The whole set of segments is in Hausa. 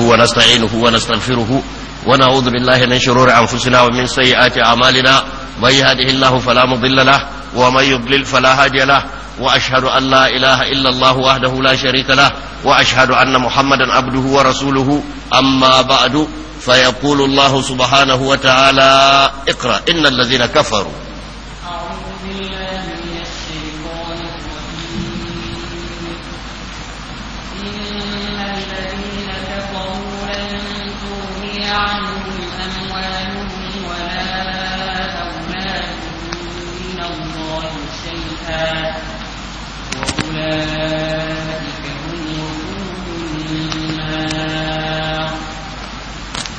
نحمده ونستعينه ونستغفره ونعوذ بالله من شرور أنفسنا ومن سيئات أعمالنا من يهده الله فلا مضل له ومن يضلل فلا هادي له وأشهد أن لا إله إلا الله وحده لا شريك له وأشهد أن محمدا عبده ورسوله أما بعد فيقول الله سبحانه وتعالى اقرأ إن الذين كفروا عنهم أموالهم ولا أولادهم من الله شيئا وأولئك هم وقود النار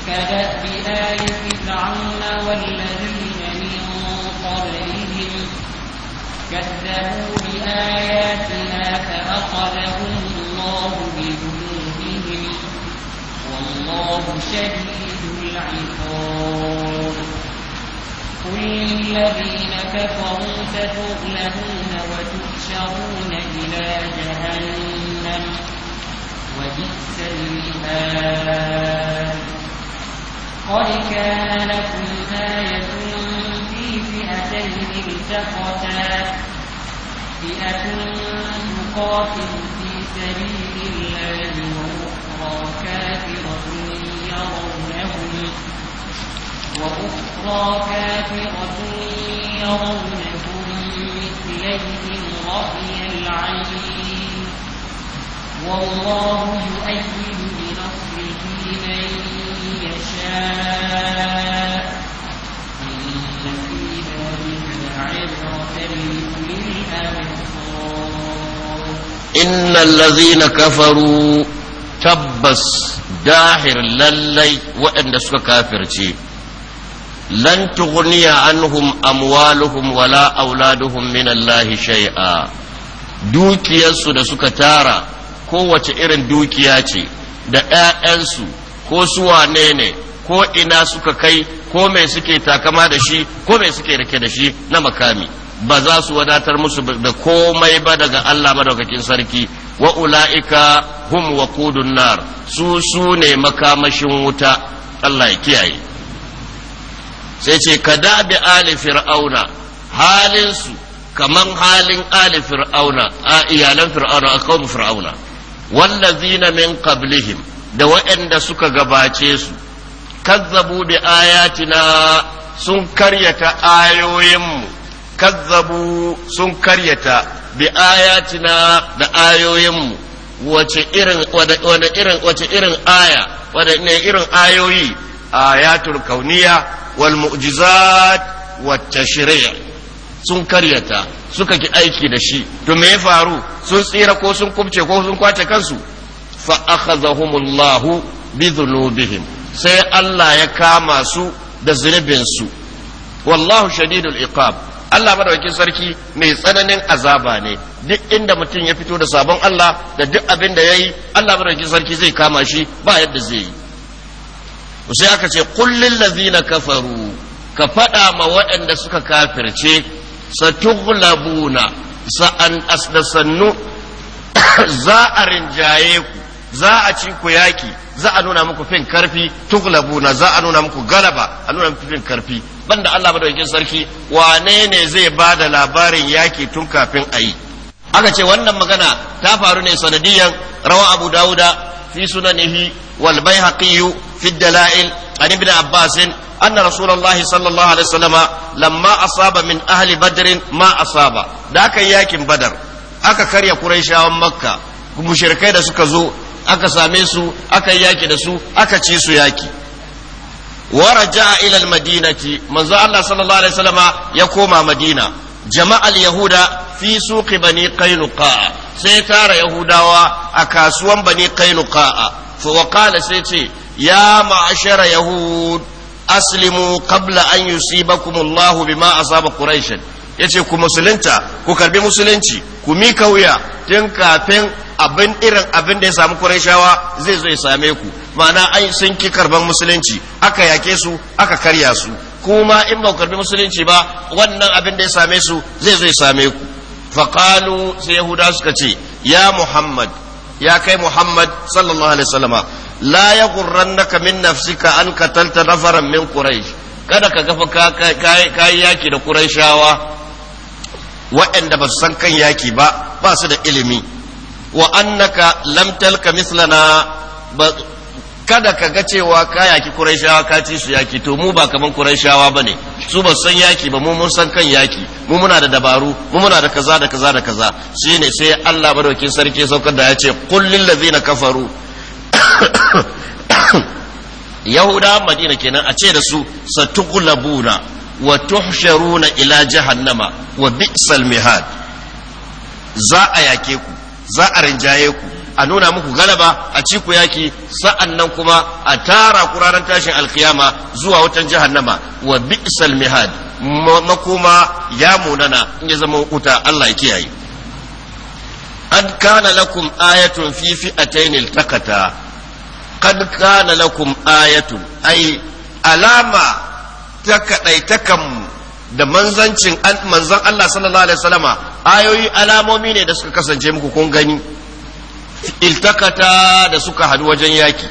كدأب آل فرعون والذين من قبلهم كذبوا بآياتنا فأخذهم الله بذنوبهم والله شديد العقاب قل للذين كفروا ستغلبون وتحشرون إلى جهنم وبئس المهاد قد كان لكم آية في فئتين التقتا فئة تقاتل في سبيل الله وأخرى كافرة يرونهم وأخرى كافرة يرونهم مثليهم رأي العين والله يؤيد بنصره من يشاء إن في ذلك لعبرة لأولي الأبصار إن الذين كفروا tabbas dahir lallai waɗanda suka kafirce lan tughniya anhum amwaluhum wala auladuhum min Allah shay'a dukiyarsu da suka tara kowace irin dukiya ce da 'ya'yansu ko su wane ne ko ina suka kai ko mai suke takama da shi ko mai suke rike da shi na makami ba za su wadatar musu da komai ba daga Allah madaukakin sarki wa ula'ika hum wa waqudun nar su su ne makamashin wuta Allah ya kiyaye sai ce kada bi ali fir'auna halinsu su kaman halin ali fir'auna a iyalan fir'auna a kawun fir'auna wallazina min qablihim da waɗanda suka gabace su kazzabu bi ayatina sun karyata ayoyinmu kazzabu sun karyata bi ayatina da ayoyinmu wace irin irin wace irin aya ne irin ayoyi ayatul kauniya wal mu'jizat wat tashri' sun karyata suka ki aiki da shi to me ya faru sun tsira ko sun kubce ko sun kwace kansu fa akhadhahumullahu bi dhunubihim sai Allah ya kama su da su wallahu shadidul iqab Allah madaukakin sarki mai tsananin azaba ne duk inda mutum ya fito da sabon Allah da duk abin da yayi Allah madaukakin sarki zai kama shi ba yadda zai yi sai aka ce kullil ladzina kafaru ka faɗa ma waɗanda suka kafirce satughlabuna sa'an asdasannu za a rinjaye ku za a ci ku yaki za a nuna muku fin karfi na za a nuna muku galaba a nuna muku fin karfi banda Allah madaukakin sarki wane ne zai ba da labarin yaki tun kafin a yi aka ce wannan magana ta faru ne sanadiyan rawa abu dauda fi sunanihi wal baihaqi fi dalail an ibn abbas أن رسول الله صلى الله عليه وسلم لما أصاب من أهل بدر ما أصاب ذاك ياكم بدر أكا كريا قريش da مشركين سكزو aka same su aka yi yaki da su aka ci su yaki waraja ila madinati manzo Allah sallallahu alaihi wasallama ya koma madina jama'al yahuda fi suqi bani qainuqa sai tara yahudawa a kasuwan bani qainuqa fa waqala sai ce ya ma'ashara yahud aslimu qabla an yusibakum Allahu bima asaba quraish ya ce ku musulunta ku karbi musulunci ku mika wuya tun kafin abin irin abin da ya samu shawa zai zo ya same ku ma'ana ai sun ki karban musulunci aka yake su aka karya su kuma in ba ku karbi musulunci ba wannan abin da ya same su zai zo ya same ku faqalu sai yahuda suka ce ya muhammad ya kai muhammad sallallahu alaihi wasallama la yaghurrannaka min nafsika an qatalta nafaran min quraish kada ka gafa kai yaki da shawa. waɗanda ba su san kan yaki ba ba su da ilimi wa annaka lam talka mislana kada ka ga cewa ka yaki kuraishawa ka ci su yaki to mu ba kaman ba ne su ba san yaki ba mu mun san kan yaki mu muna da dabaru mu muna da kaza da kaza da kaza shine sai Allah madaukin sarki saukar da ya ce qul lil ladzina kafaru Yahuda Madina kenan a ce da su satuqulabuna wa tuhsharuna ila jahannama wa bi'sal mihad za a yake ku za a rinjaye ku a nuna muku galaba a ci ku yaki sa'an nan kuma a tara ku ranar tashin alkiyama zuwa wutan jahannama wa bi'sal mihad makoma ya munana in ya zama wuta Allah ya kiyaye an kana lakum ayatun fi fi'atayn iltaqata qad kana lakum ayatun ay alama ta kaɗaitakan da manzancin manzan Allah sallallahu alaihi wasallama ayoyi alamomi ne da suka kasance muku kun gani iltakata da suka hadu wajen yaki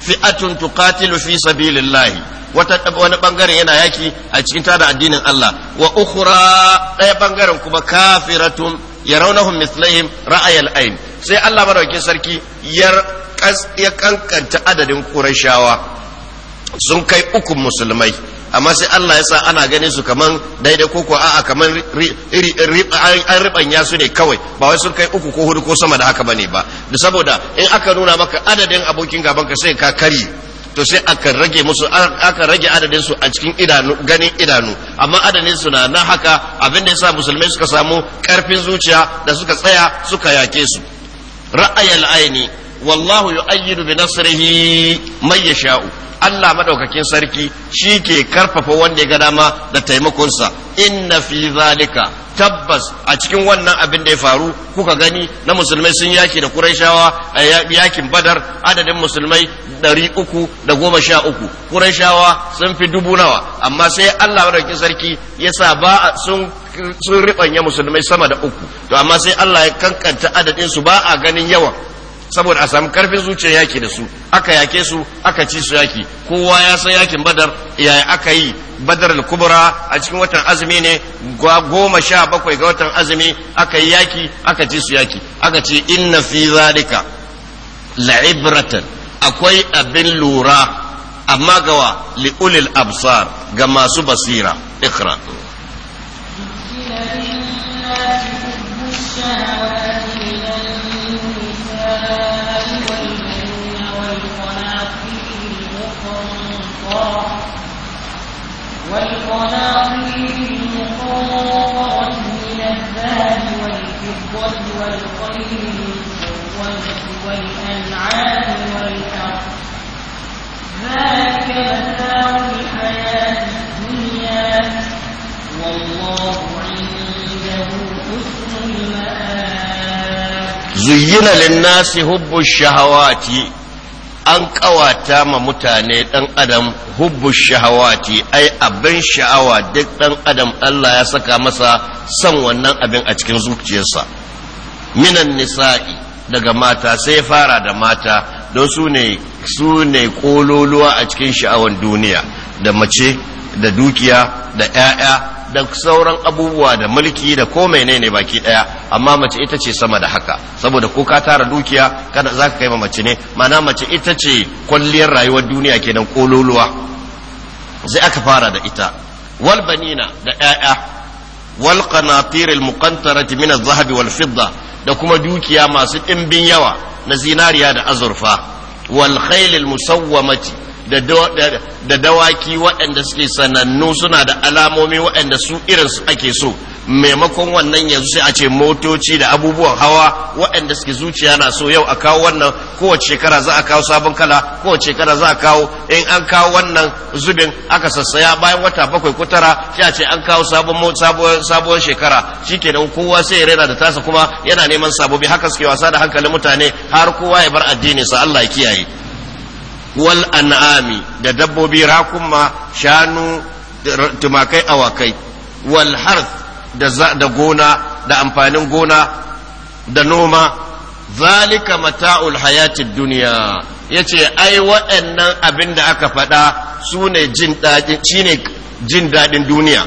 fi'atun tuqatilu fi sabilillahi wata wani bangaren yana yaki a cikin tada addinin Allah wa ukhra ɗaya bangaren kuma kafiratun yarawnahum mislaihim ra'ayal ayn sai Allah madaukakin sarki ya kankanta adadin Qurayshawa sun kai uku musulmai amma sai Allah ya sa ana ganin su kaman daidai ko ko a'a kaman an ribanya su ne kawai ba wai sun kai uku ko hudu ko sama da haka bane ba da saboda in aka nuna maka adadin abokin gaban ka sai ka kari to sai aka rage musu aka rage adadin su a cikin idanu ganin idanu amma adadin su na na haka abin da yasa musulmai suka samu karfin zuciya da suka tsaya suka yake su ra'ayal aini wallahu yu'ayyidu bi nasrihi man yasha'u Allah madaukakin sarki shi ke karfafa wanda ya ga dama da taimakonsa inna fi zalika tabbas a cikin wannan abin da ya faru kuka gani na musulmai sun yaki da Quraishawa a yakin Badar adadin musulmai 313 uku goma sha uku sun fi dubu nawa amma sai Allah madaukakin sarki ya sa ba sun sun riɓanya musulmai sama da uku to amma sai Allah ya kankanta adadin su ba a ganin yawan saboda a samu karfin zuciya yaki da su aka yake su aka ci su yaki kowa ya san yakin badar ya aka yi badar al-kubra a cikin watan azumi ne goma sha bakwai ga watan azumi aka yi yaki aka ci su yaki aka ce inna fi zalika la'ibratan akwai abin lura amma gawa li'ulil absar ga masu basira ikra والقناطير المقنطرة من الذهب والفضة والخيل المسومة والأنعام والحرث ذلك متاع الحياة الدنيا والله عنده حسن المآب زين للناس هب الشهوات an kawata ma mutane ɗan adam hubbu shahawati ai abin sha'awa duk ɗan adam Allah ya saka masa son wannan abin a cikin zuciyarsa minan nisa'i daga mata sai fara da mata don su ne su ne kololuwa a cikin sha'awan duniya da mace da dukiya da 'ya'ya da sauran abubuwa da mulki da ko menene baki daya amma mace ita ce sama da haka saboda ko ka tara dukiya kada za ka kai ma mace ne mana mace ita ce kwalliyar rayuwar duniya kenan kololuwa sai aka fara da ita wal banina da 'ya'ya wal qanatir al muqantarati min adh-dhahab wal fidda da kuma dukiya masu dimbin yawa na zinariya da azurfa wal khayl al musawwamati da dawaki waɗanda suke sanannu suna da alamomi waɗanda su irinsu ake so maimakon wannan yanzu sai a ce motoci da abubuwan hawa waɗanda suke zuciya na so yau a kawo wannan kowace shekara za a kawo sabon kala kowace shekara za a kawo in an kawo wannan zubin aka sassaya bayan wata bakwai ko tara sai a ce an kawo sabon shekara shikenan kowa sai ya rera da tasa kuma yana neman sabobi haka suke wasa da hankalin mutane har kowa ya bar addini sa Allah ya kiyaye wal an'ami da dabbobi rakunma shanu tumakai awakai wal harth da gona da amfanin gona da noma zalika mata'ul hayatid duniya yace ai waɗannan abin da aka faɗa su ne jin daɗin duniya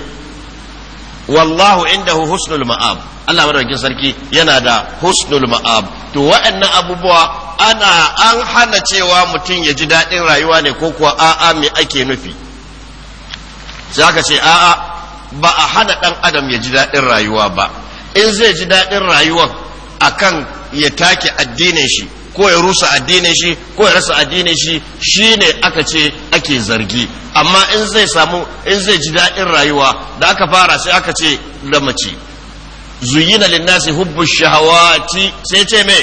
wallahu indahu husnul ma'ab Allah madaukakin sarki yana da husnul ma'ab to waɗannan abubuwa ana an hana cewa mutum ya ji daɗin rayuwa ne ko kuwa a'a me ake nufi zaka aka ce a'a ba a hana ɗan adam ya ji daɗin rayuwa ba in zai ji daɗin rayuwa akan ya take addinin shi ko ya rusa addinin shi ko ya rasa addinin shi shine aka ce ake zargi amma in zai samu in zai ji daɗin rayuwa da aka fara sai aka ce da mace zuyina linnasi hubbu shahawati sai ce me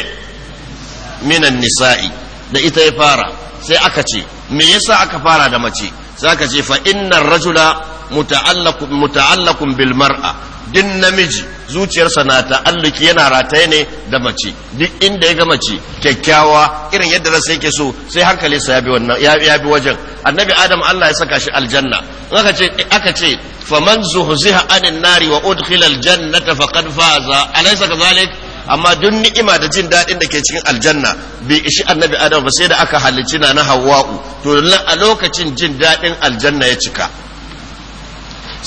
minan nisa'i da ita ya fara sai aka ce me yasa aka fara da mace sai aka ce fa innar rajula muta'allaqun bil mar'a din namiji zuciyarsa na ta'alluki yana rataye ne da mace duk inda ya ga mace kyakkyawa irin yadda rasa yake so sai hankali sa ya bi wajen annabi adam Allah ya saka shi aljanna aka ce aka ce faman zuhziha anin nari wa udkhila aljannata faqad faza alaysa kadhalik amma duk ni'ima da jin daɗin da ke cikin aljanna bai ishi annabi adam ba sai da aka halicci na na hawa'u to a lokacin jin daɗin aljanna ya cika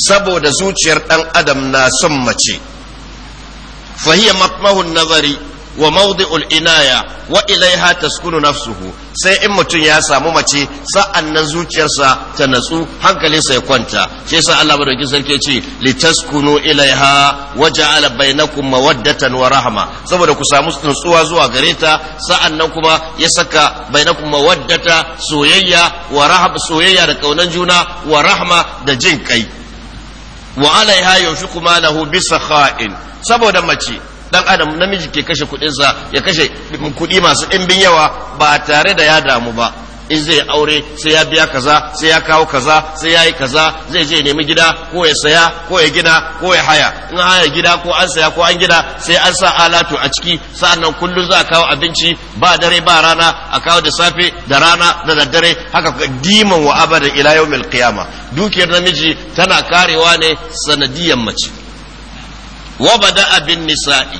saboda zuciyar ɗan adam na son mace فهي wa النظر وموضع الإناية وإليها taskunu نفسه sai in mutum ya samu mace sa'an nan zuciyarsa ta natsu hankalinsa ya kwanta shi sa Allah madauki sarki ce litaskunu ilaiha waja'ala bainakum mawaddatan wa rahma saboda ku samu nutsuwa zuwa gareta ta sa'an nan kuma ya saka bainakum mawaddata soyayya wa soyayya da kaunan juna wa rahma da jin kai wa kuma yunfiqu bisa bisakha'in saboda mace dan adam namiji ke kashe kudinsa ya kashe kudi masu ɗimbin yawa ba tare da ya damu ba in zai aure sai ya biya kaza sai ya kawo kaza sai ya yi kaza zai je nemi gida ko ya saya ko ya gina ko ya haya in haya gida ko an saya ko an gina sai an sa alatu a ciki sa'annan kullum za kawo abinci ba dare ba rana a kawo da safe da rana da daddare haka diman wa abada ila yawmil qiyama dukiyar namiji tana karewa ne sanadiyan mace wa da abin nisa'i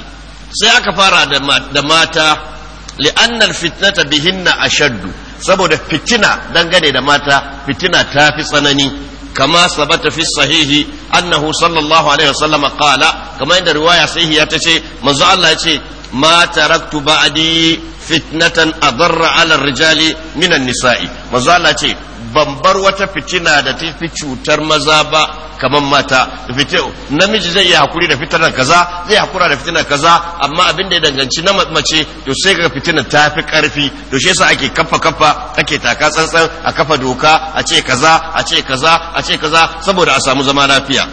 sai aka fara da mata li'annar fitnata bihinna shaddu saboda fitina dangane da mata fitina ta fi tsanani kama sabata fi sahihi annahu sallallahu alaihi wasallam qala kama inda riwaya sahihi ta ce manzo Allah ya ce ma taraktu ba'di fitnatan adarra ala rijali minan nisa'i maza Allah ce ban bar wata fitina da ta fi cutar maza ba kamar mata namiji zai iya hakuri da fitinar kaza zai hakura da fitinar kaza amma abin da ya danganci na mace to sai ga fitinar ta fi karfi to shi yasa ake kafa kafa ake taka tsantsan a kafa doka a ce kaza a ce kaza a ce kaza saboda a samu zama lafiya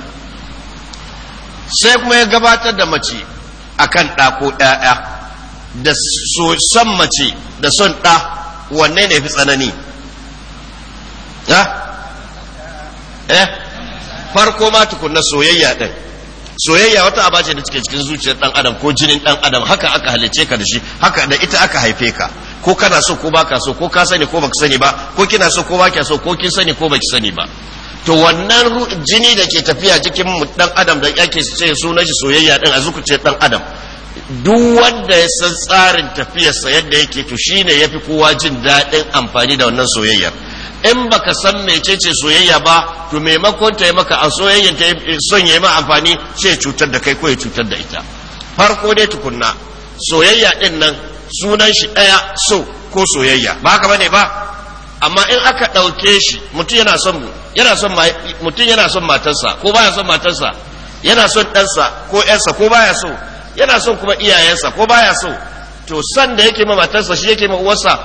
sai kuma ya gabatar da mace akan ɗa ko ɗaya da son mace da son ɗa wanne ne fi tsanani ha eh farko ma tukunna soyayya ɗin soyayya wata aba ce da take cikin zuciyar ɗan adam ko jinin ɗan adam haka aka halice ka da shi haka da ita aka haife ka ko kana so ko baka so ko ka sani ko baka sani ba ko kina so ko baka so ko kin sani ko baki sani ba to wannan jini da ke tafiya cikin ɗan adam da yake ce sunan shi soyayya din a zukuce ɗan adam duk wanda ya san tsarin tafiyarsa yadda yake to shine yafi kowa jin daɗin amfani da wannan soyayya in baka san mecece soyayya ba to maimakon ta yi maka a soyayyar ta eh, son ya yi ma amfani ce cutar da kai ko ya cutar da ita farko dai tukunna soyayya din nan sunan shi ɗaya so ko soyayya ba haka bane ba amma in aka ɗauke shi mutum yana son yana son mutum yana son matarsa ko baya son matarsa yana son ɗansa ko ƴarsa ko baya so yana son kuma iyayensa ko baya so to san da yake ma matarsa shi yake ma uwarsa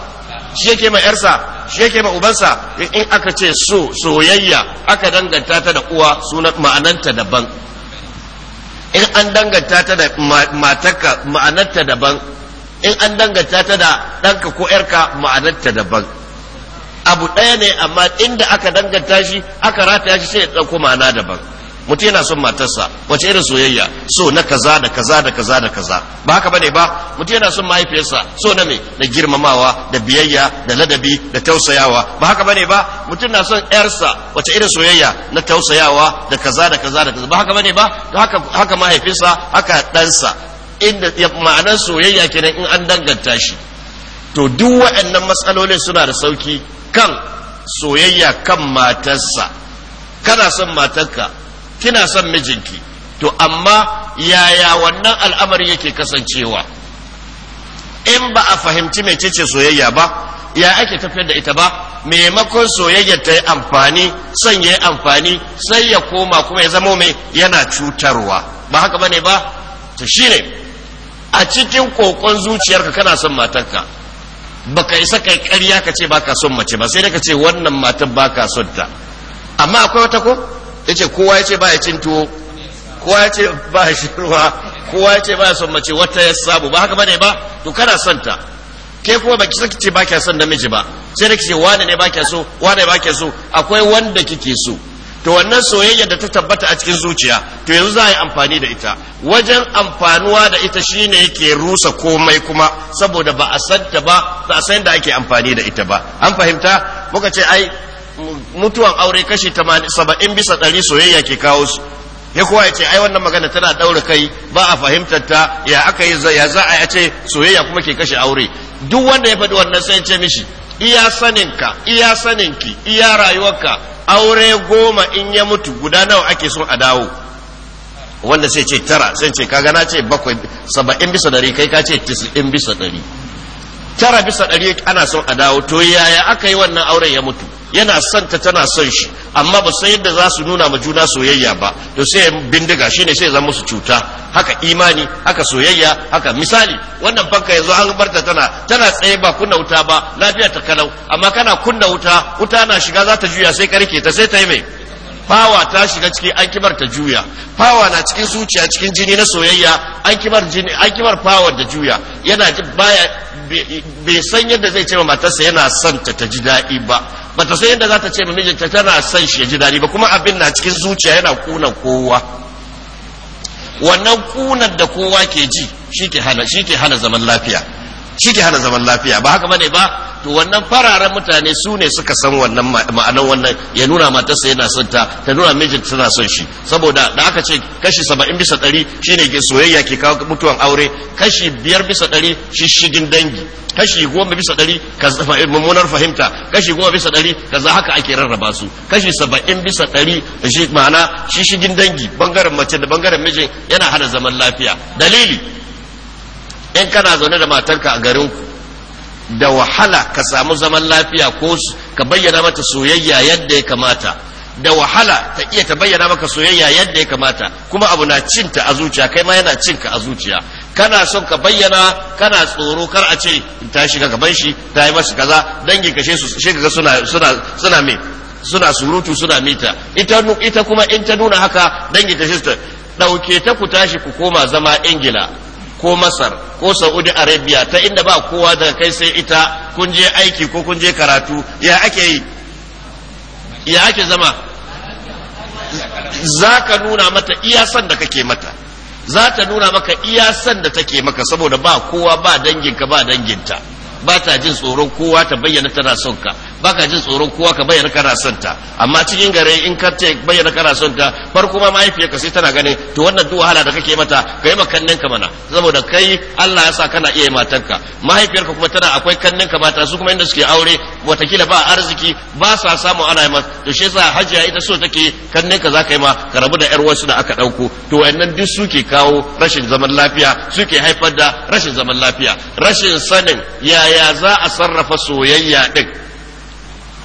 shi yake ma yarsa shi yake ma ubansa in aka ce so soyayya aka danganta ta da uwa sunan ma'ananta daban in an danganta ta da matarka ma'ananta daban in an danganta ta da ɗanka ko ‘yarka ma'ananta daban abu ɗaya ne amma inda aka danganta shi aka rataya shi sai ya ɗauko ma'ana daban mutum yana son matarsa wace irin soyayya so na kaza da kaza da kaza da kaza ba haka bane ba mutum yana son mahaifiyarsa so na me da girmamawa da biyayya da ladabi da tausayawa ba haka bane ba mutum na son yarsa wace irin soyayya na tausayawa da kaza da kaza da kaza ba haka bane ba haka haka mahaifinsa haka ɗansa inda ma'anar soyayya kenan in an danganta shi to duk waɗannan matsalolin suna da sauki kan soyayya kan matarsa kana son matarka kina son mijinki to amma yaya wannan al'amari yake kasancewa in ba a fahimci mecece soyayya ba ya ake tafiyar da ita ba maimakon soyayya ta yi amfani son ya amfani sai ya koma kuma ya zama mai yana cutarwa ba haka bane ba to ne a cikin kokon zuciyarka kana son matarka baka isa kai karya ka ce baka son mace ba sai da ka ce wannan matar baka son ta amma akwai wata ko yace kowa yace ba ya cin tuwo kowa yace ba ya shirwa kowa yace ba ya son mace wata ya sabu ba haka bane ba to kana son ta ke kuma baki saki ce ba son namiji ba sai da kice wane ne ba kya so wane ba kya so akwai wanda kike so to wannan soyayya da ta tabbata a cikin zuciya to yanzu za a yi amfani da ita wajen amfanuwa da ita shine yake rusa komai kuma saboda ba a san ba ba a san da ake amfani da ita ba an fahimta muka ce ai mutuwan aure kashi 70 bisa ɗari soyayya ke kawo su ya kuwa ya ce ai wannan magana tana daura kai ba a fahimtar ta ya aka yi ya za a ce soyayya kuma ke kashe aure duk wanda ya faɗi wannan sai ce mishi iya saninka iya saninki iya rayuwarka aure goma in ya mutu guda nawa ake son a dawo wanda sai ce tara sai ce kaga na ce bakwai saba'in bisa dari kai ka ce tisa'in bisa dari. tara bisa dari ana son a dawo to yaya aka yi wannan auren ya mutu yana son ta tana son shi amma ba san yadda za su nuna ma juna soyayya ba to sai bindiga shine sai zama musu cuta haka imani haka soyayya haka misali wannan fanka yanzu an barta tana tana tsaye ba kunna wuta ba lafiya ta kalau amma kana kunna wuta wuta na shiga za ta juya sai karke ta sai ta yi mai fawa ta shiga ciki an kibar ta juya fawa na cikin zuciya cikin jini na soyayya an kibar jini an kibar fawa da juya yana baya bai san yadda zai ce ma matarsa yana son ta ta ji daɗi ba bata san yadda za ta ce ma mijinta tana son shi ya ji daɗi ba kuma abin na cikin zuciya yana kuna kowa wannan kunar da kowa ke ji shi ke hana zaman lafiya shi ke hana zaman lafiya ba haka bane ba to wannan fararen mutane su ne suka san wannan ma'anar wannan ya nuna matarsa yana son ta ta nuna mijin tana son shi saboda da aka ce kashi saba'in bisa ɗari shine ke soyayya ke kawo mutuwan aure kashi biyar bisa ɗari shi shigin dangi kashi goma bisa ɗari mummunar fahimta kashi goma bisa ɗari kaza haka ake rarraba su kashi saba'in bisa ɗari shi ma'ana shi shigin dangi bangaren mace da bangaren mijin yana hana zaman lafiya dalili in kana zaune da matarka a garin ku da wahala ka samu zaman lafiya ko ka bayyana mata soyayya yadda ya kamata da wahala ta iya ta bayyana maka soyayya yadda ya kamata kuma abu na cinta a zuciya kai ma yana cinka a zuciya kana son ka bayyana kana tsoro kar a ce ta shiga gaban shi ta yi masa kaza dangin kashe su shi kaga suna suna suna me suna surutu suna mita ita ita kuma in ta nuna haka dangin shi ta dauke ta ku tashi ku koma zama ingila ko masar ko saudi arabia ta inda ba kowa daga kai sai ita kun je aiki ko kun je karatu ya ake yi ya ake zama za ka nuna mata iya san da kake mata za ta nuna maka iya san da take maka saboda ba kowa ba danginka ba danginta ba ta jin tsoron kowa ta bayyana tana son ka baka jin tsoro kowa ka bayyana kana son ta amma cikin gare in ka ce bayyana kana son ta farko ma mahaifiyarka sai tana ganin to wannan duk wahala da kake mata kai kannen ka mana saboda kai Allah ya sa kana iya matanka mahaifiyarka kuma tana akwai kannin ka mata su kuma inda suke aure watakila ba arziki ba sa samu ana yi to shi yasa hajiya ita so take kannen ka zaka yi ma ka rabu da yar wasu da aka dauko to wayannan duk suke kawo rashin zaman lafiya suke haifar da rashin zaman lafiya rashin sanin yaya za a sarrafa soyayya din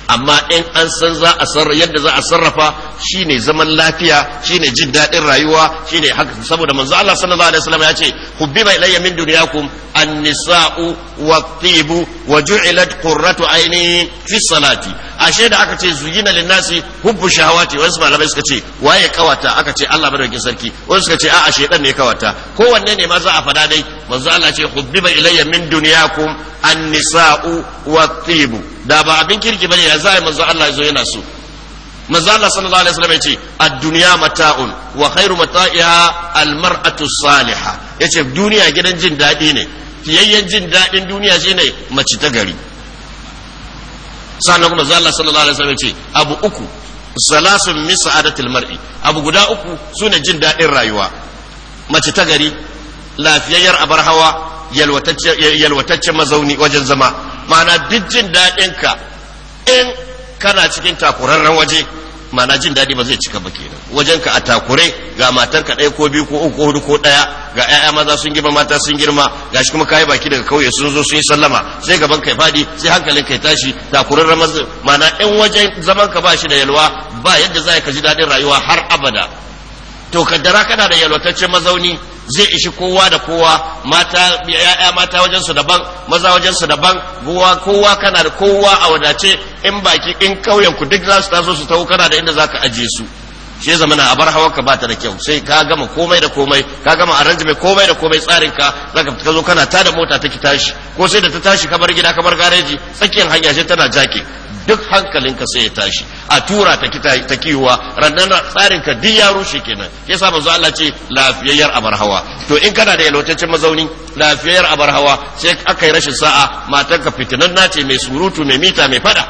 amma in an san za a sarrafa yadda za a sarrafa shine zaman lafiya shine jin daɗin rayuwa shine haka saboda manzo Allah sallallahu alaihi wasallam ya ce hubbiba ilayya min dunyakum an-nisa'u wat-tibu wa ju'ilat qurratu aini fi salati ashe da aka ce zuyina linnasi hubbu shahawati wasu malamai suka ce waye kawata aka ce Allah madaukakin sarki wasu suka ce a'a shedan ne kawata kowanne ne ma za a fada dai manzo Allah ce hubbiba ilayya min dunyakum an-nisa'u wat-tibu da ba abin kirki bane ya zai manzo Allah yazo yana so manzo Allah sallallahu alaihi wasallam yace ad-dunya mata'un wa khairu mata'iha al-mar'atu salihah yace duniya gidan jin dadi ne fiyayyen jin dadin duniya shine mace ta gari sannan kuma manzo Allah sallallahu alaihi wasallam yace abu uku salasun min sa'adatil mar'i abu guda uku sune jin dadin rayuwa mace ta gari lafiyayyar abar hawa yalwatacce mazauni wajen zama ma'ana duk jin daɗinka in kana cikin takurarren waje ma'ana jin daɗi ba zai cika ba kenan wajenka a takure ga matarka ɗaya ko biyu ko uku ko hudu ko ɗaya ga 'ya'ya maza sun girma mata sun girma ga shi kuma kayi baki daga kauye sun zo sun yi sallama sai gaban kai faɗi sai hankalin kai tashi takurarren mazu in wajen zaman ka ba shi da yalwa ba yadda za ka ji daɗin rayuwa har abada to kaddara kana da yalwataccen mazauni zai ishi kowa da kowa mata ya'ya mata wajen su daban maza wajen su daban kowa kowa kana da kowa a wadace in baki in kauyen ku duk za su taso su tawo kana da inda zaka aje su sai zamana a bar hawarka ba ta da kyau sai ka gama komai da komai ka gama mai komai da komai tsarin ka zaka ka zo kana tada mota take tashi ko sai da ta tashi kamar gida ka gareji tsakiyar hanya sai tana jake duk hankalinka sai ya tashi a tura ta ta kiwa rannan tsarin ka duk ya rushe kenan ke sa manzo Allah ce lafiyayyar abar hawa to in kana da yalwataccen mazauni lafiyayyar abar hawa sai aka yi rashin sa'a matanka fitinan nace mai surutu mai mita mai fada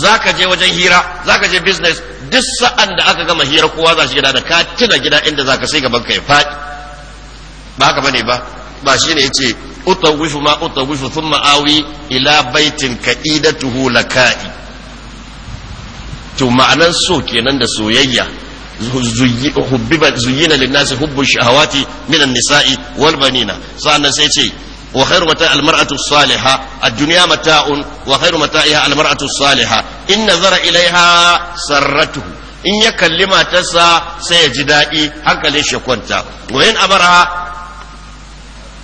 zaka je wajen hira zaka je business duk sa'an da aka gama hira kowa za shi gida da katina gida inda zaka sai gaban ka ya faɗi ba haka bane ba ba shi shine yace utawifu ma utawifu thumma awi ila baitin ka'idatuhu laka'i to ma'anan so kenan da soyayya زين للناس حب الشهوات من النساء والبنين sai ce. وخير متاع المرأة الصالحة الدنيا متاع وخير متاعها المرأة الصالحة إن نظر إليها سرته in ya kalli matarsa sai ya ji daɗi hankalin shi wa in abaraha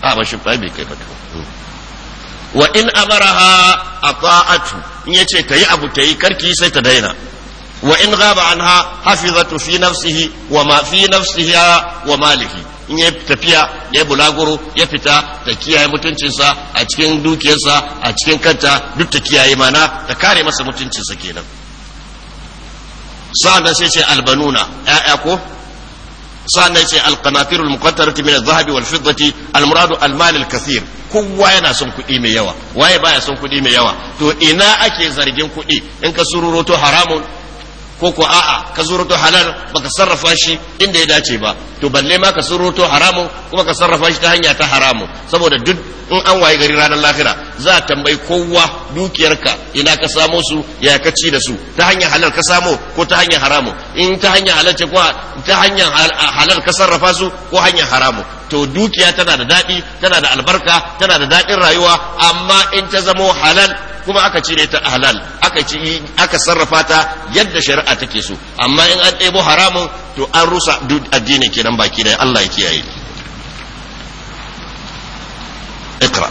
a ba shi bai kai fata wa in abaraha a ta'atu in ya ce ta yi abu ta yi karki sai ta daina wa in gaba hafizatu fi nafsihi wa ma fi wa in ya tafiya ya bulaguro ya fita ta kiyaye mutuncinsa a cikin dukiyarsa a cikin kanta duk ta kiyaye mana ta kare masa mutuncinsa kenan sa'an sai ce albanuna ya'ya ko sa'an ce alqanatirul muqattarati min adh-dhahabi wal fiddati al-muradu al-mal al-kathir kowa yana son kuɗi mai yawa waye baya son kuɗi mai yawa to ina ake zargin kuɗi in ka sururoto haramun ko ko a'a ka surutu halal baka sarrafa shi inda ya dace ba to balle ma ka surutu haramu kuma ka sarrafa shi ta hanya ta haramu saboda duk in an waye gari ranar lahira za a tambayi kowa dukiyarka ina ka samo su ya ka ci da su ta hanyar halal ka samo ko ta hanyar haramu in ta hanyar halal ce ko ta hanyar halal ka sarrafa su ko hanyar haramu to dukiya tana da daɗi tana da albarka tana da daɗin rayuwa amma in ta zamo halal kuma aka cire ta halal aka ci aka sarrafa ta yadda shari'a take so amma in an ɗebo haramun to an rusa addinin kenan baki da Allah ya kiyaye اقرأ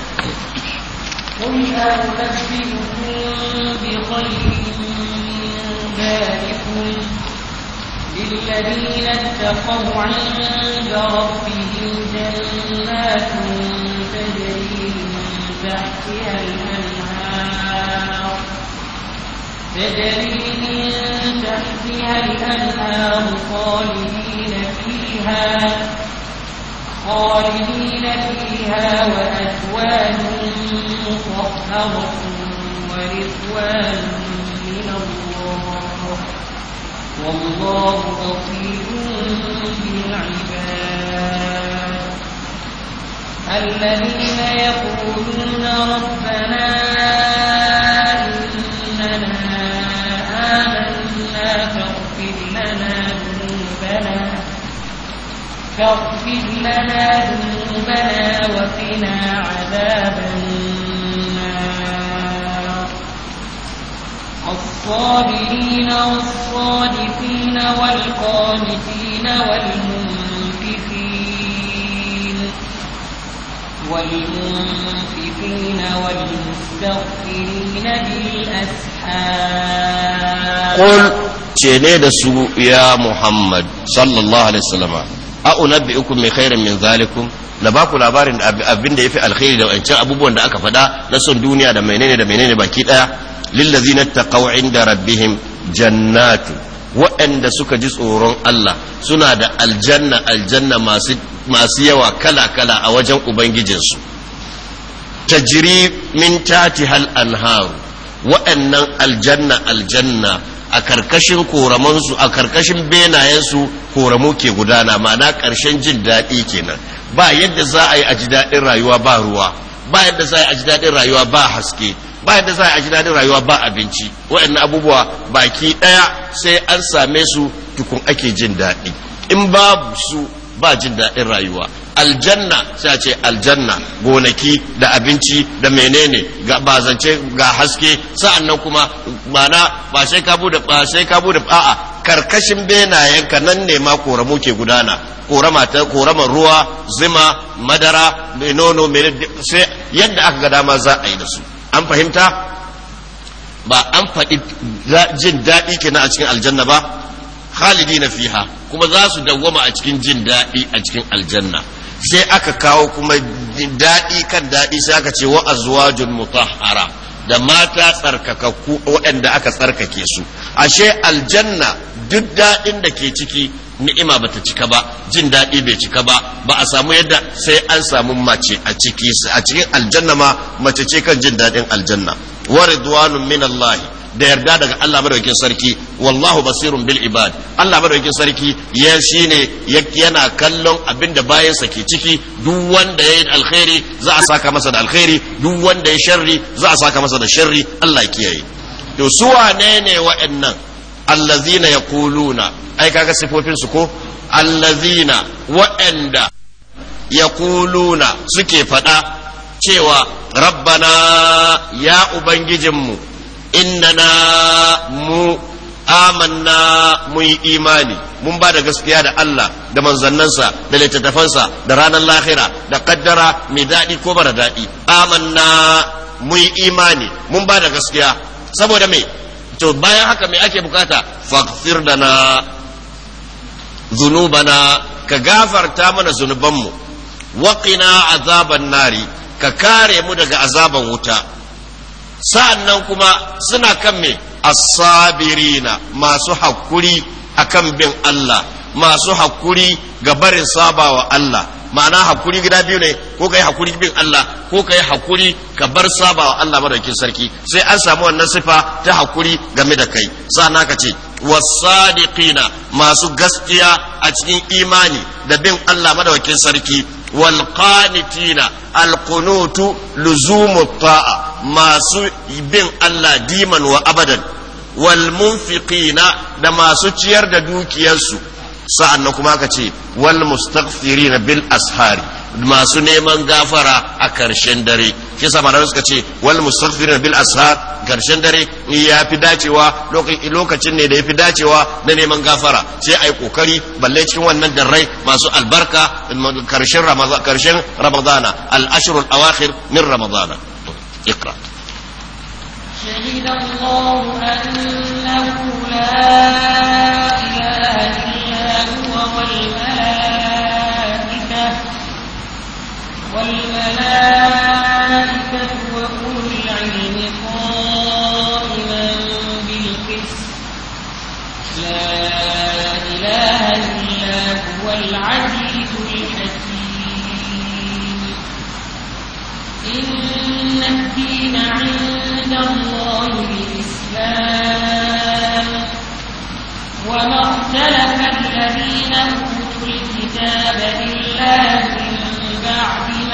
للذين اتقوا عند ربهم جنات تجري من تحتها تجري من تحتها الأنهار خالدين فيها خالدين فيها وأزواج مطهرة ورضوان من الله والله لطيف بالعباد الذين يقولون ربنا لنا فاغفر لنا ذنوبنا وقنا عذاب النار الصابرين والصادقين والقانتين والمؤمنين والمنفقين والمستغفرين بالأسحار قل تيني دسو يا محمد صلى الله عليه وسلم أأنبئكم بخير من ذلكم na ba ku labarin abin da ya fi alkhairi da wancan abubuwan da aka faɗa na son duniya da menene da menene baki ɗaya lillazina taqaw inda rabbihim jannatu waɗanda suka ji tsoron Allah suna da aljanna aljanna masu yawa kala-kala a wajen Ubangijinsu tajiri min tati hal anharu waɗannan aljanna aljanna a ƙarƙashin koramansu a ƙarƙashin benayensu koramu ke gudana ma'ana ƙarshen jin daɗi kenan ba yadda za a yi a ji daɗin rayuwa ba ruwa ba yadda za a yi a ji daɗin rayuwa ba haske ba yadda za a ji dadin rayuwa ba abinci waɗannan abubuwa baki ɗaya sai an same su tukun ake jin daɗi in babu su ba jin daɗin rayuwa aljanna sai a ce aljanna gonaki da abinci da menene ga bazance ga haske sa'annan kuma mana ba sai ka bude ba sai ka bude a'a karkashin benayenka nan ne ma koramu ke gudana korama ta koraman ruwa zima madara nono mene sai yadda aka ga dama za a yi da su an fahimta ba an faɗi jin daɗi kenan a cikin aljanna ba khalidi na fiha kuma za su dawwama a cikin jin daɗi a cikin aljanna sai aka kawo kuma daɗi kan daɗi sai aka ce wa azwajun mutahhara da mata tsarkakakku waɗanda aka tsarkake su ashe aljanna duk daɗin da ke ciki ni'ima bata cika ba jin daɗi bai cika ba ba a samu yadda sai an samu mace a ciki a cikin aljanna ma mace ce kan jin daɗin aljanna wa ridwanun min Allah da yarda daga Allah madaukakin sarki wallahu basirun bil ibad Allah madaukakin sarki ya shine yana kallon abinda bayansa ke ciki duk wanda yayi alkhairi za a saka masa da alkhairi duk wanda ya sharri za a saka masa da sharri Allah kiyaye to su wane ne wa'annan allazina kuluna. ai kaga sifofin su ko allazina waɗanda kuluna. suke faɗa cewa rabbana ya ubangijinmu innana mu amanna mun yi imani mun ba da gaskiya da Allah da manzannansa da littattafansa da ranar lahira da kaddara mai daɗi ko mara daɗi amanna mun yi imani mun ba da gaskiya saboda mai to bayan haka me ake bukata faghfir lana zunubana ka gafarta mana zunubanmu waqina azaban nari ka kare mu daga azaban wuta sa'annan kuma suna kan me as-sabirina masu hakuri akan bin Allah masu hakuri ga barin sabawa Allah ma'ana hakuri gida biyu ne ko kai hakuri bin Allah ko kai hakuri ka bar saba wa Allah madaukin sarki sai an samu wannan sifa ta hakuri game da kai sa'an ka ce wasadiqina masu gaskiya a cikin imani da bin Allah madaukin sarki wal qanitina al qunutu luzumu ta'a masu bin Allah diman wa abadan wal munfiqina da masu ciyar da dukiyarsu sa'an nan kuma aka ce wal mustaghfirina bil ashari masu neman gafara a karshen dare shi yasa malamai suka ce wal mustaghfirina bil ashar karshen dare ya fi dacewa lokacin ne da ya fi dacewa na neman gafara sai yi kokari balle cikin wannan darrai masu albarka karshen karshen ramadana al ashrul awakhir min ramadana اقرأ والملائكة وأولو العلم قائما بالقسط لا إله إلا هو العزيز الحكيم إن الدين عند الله الإسلام وما اختلف الذين أوتوا الكتاب إلا من بعد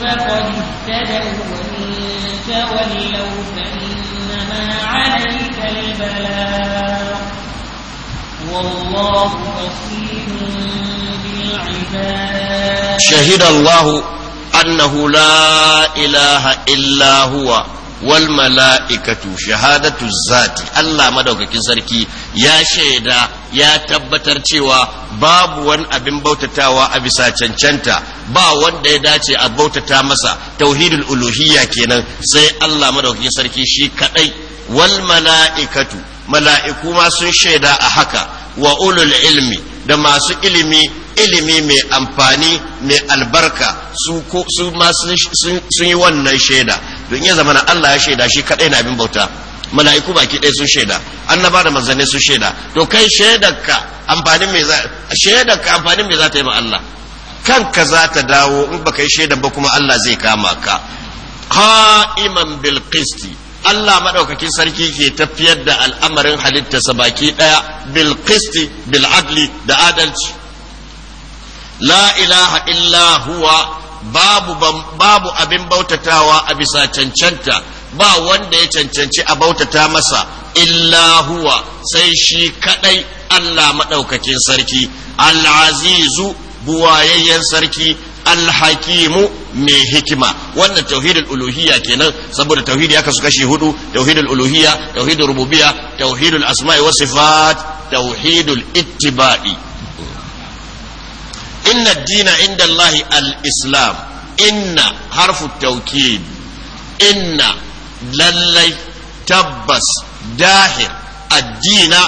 فقد اهتدوا وإن تولوا فإنما عليك البلاغ والله بصير بالعباد شهد الله أنه لا إله إلا هو wal mala'ikatu shahadatu zati Allah madaukakin sarki ya shaida ya tabbatar cewa babu wani abin bautatawa a bisa cancanta ba wanda ya dace a bautata masa tauhidul uluhiyya kenan sai Allah madaukakin sarki shi kadai wal mala'ikatu mala'iku ma sun shaida a haka wa ulul ilmi da masu ilimi ilimi mai amfani mai albarka su ma sun yi wannan shaida don ya zama Allah ya shaida shi kadai na bin bauta mala'iku baki ɗaya sun shaida annaba da manzanni sun shaida to kai shaidarka amfanin me za shaidarka amfanin me za ta yi ma Allah kanka za ta dawo in baka yi shaidan ba kuma Allah zai kama ka qa'iman bil qisti Allah madaukakin sarki ke tafiyar da al'amarin halittarsa baki ɗaya bil qisti bil adli da adalci la ilaha illa huwa babu abin bautatawa a bisa cancanta ba wanda ya cancanci a bautata masa illa huwa sai shi kadai Allah maɗaukakin sarki al'azizu buwayayyen sarki alhakimu mai hikima wannan tauhidul uluhiyya kenan saboda tauhidi aka su kashi hudu tauhidul uluhiyya tauhidul rububiyya tauhidul asma'i wa sifat tauhidul ittiba'i inna dina inda Allah al-islam inna harfu taukid inna lallai tabbas dahir addina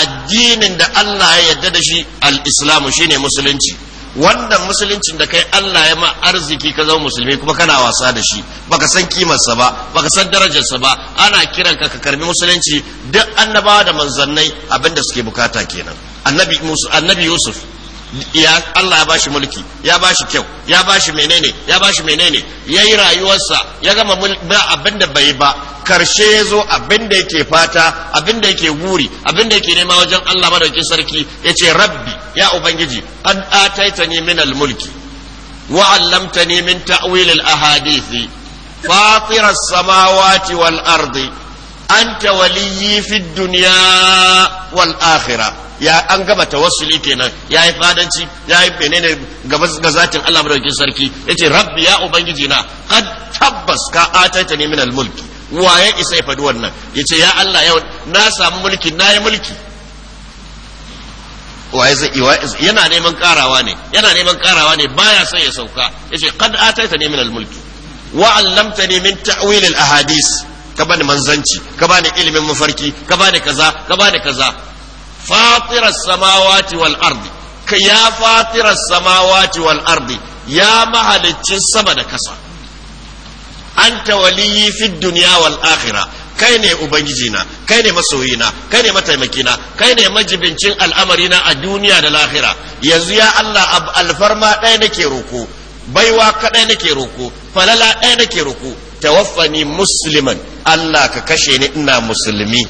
addinin da Allah ya yarda da shi al'islam shine musulunci wanda musuluncin da kai Allah ya ma arziki ka zama musulmi kuma kana wasa da shi baka san kimarsa ba baka san darajarsa ba ana kiranka ka karbi musulunci duk annabawa da manzannai abinda suke bukata kenan annabi annabi Yusuf ya Allah ya bashi mulki ya bashi kyau ya bashi menene ya bashi menene yayi rayuwarsa ya gama ba abinda bai ba karshe ya zo abinda yake fata abinda yake guri abinda yake nema wajen Allah madaukin sarki ya ce rabbi ya ubangiji an ni min mulki wa allamtani min ta'wil al ahadithi fatir as samawati wal ardi anta waliyyi fid dunya wal akhirah ya an gaba tawassuli kenan yayi fadanci yayi menene gaba ga zatin Allah madaukakin sarki yace rabbi ya ubangiji na kad tabbas ka ataita ni min al mulki waye isa ya faɗi wannan ya Allah yau na samu mulki na yi mulki yana neman karawa ne yana neman karawa ne baya son ya sauka yace kad ataita ne min al mulki wa allamtani min ta'wil al ahadith ka bani manzanci ka bani ilimin mafarki ka bani kaza ka bani kaza fatirar samawati wal ardi ka ya fatirar samawati wal ardi ya mahalicci sama da kasa anta waliyyi fid dunya wal akhirah kai ne ubangijina kai ne masoyina kai ne mataimakina kai ne majibincin al'amarina a duniya da lahira yanzu ya Allah alfarma ɗaya nake roko baiwa kaɗai nake roko falala ɗaya nake roko tawaffani musliman Allah ka kashe ni ina musulmi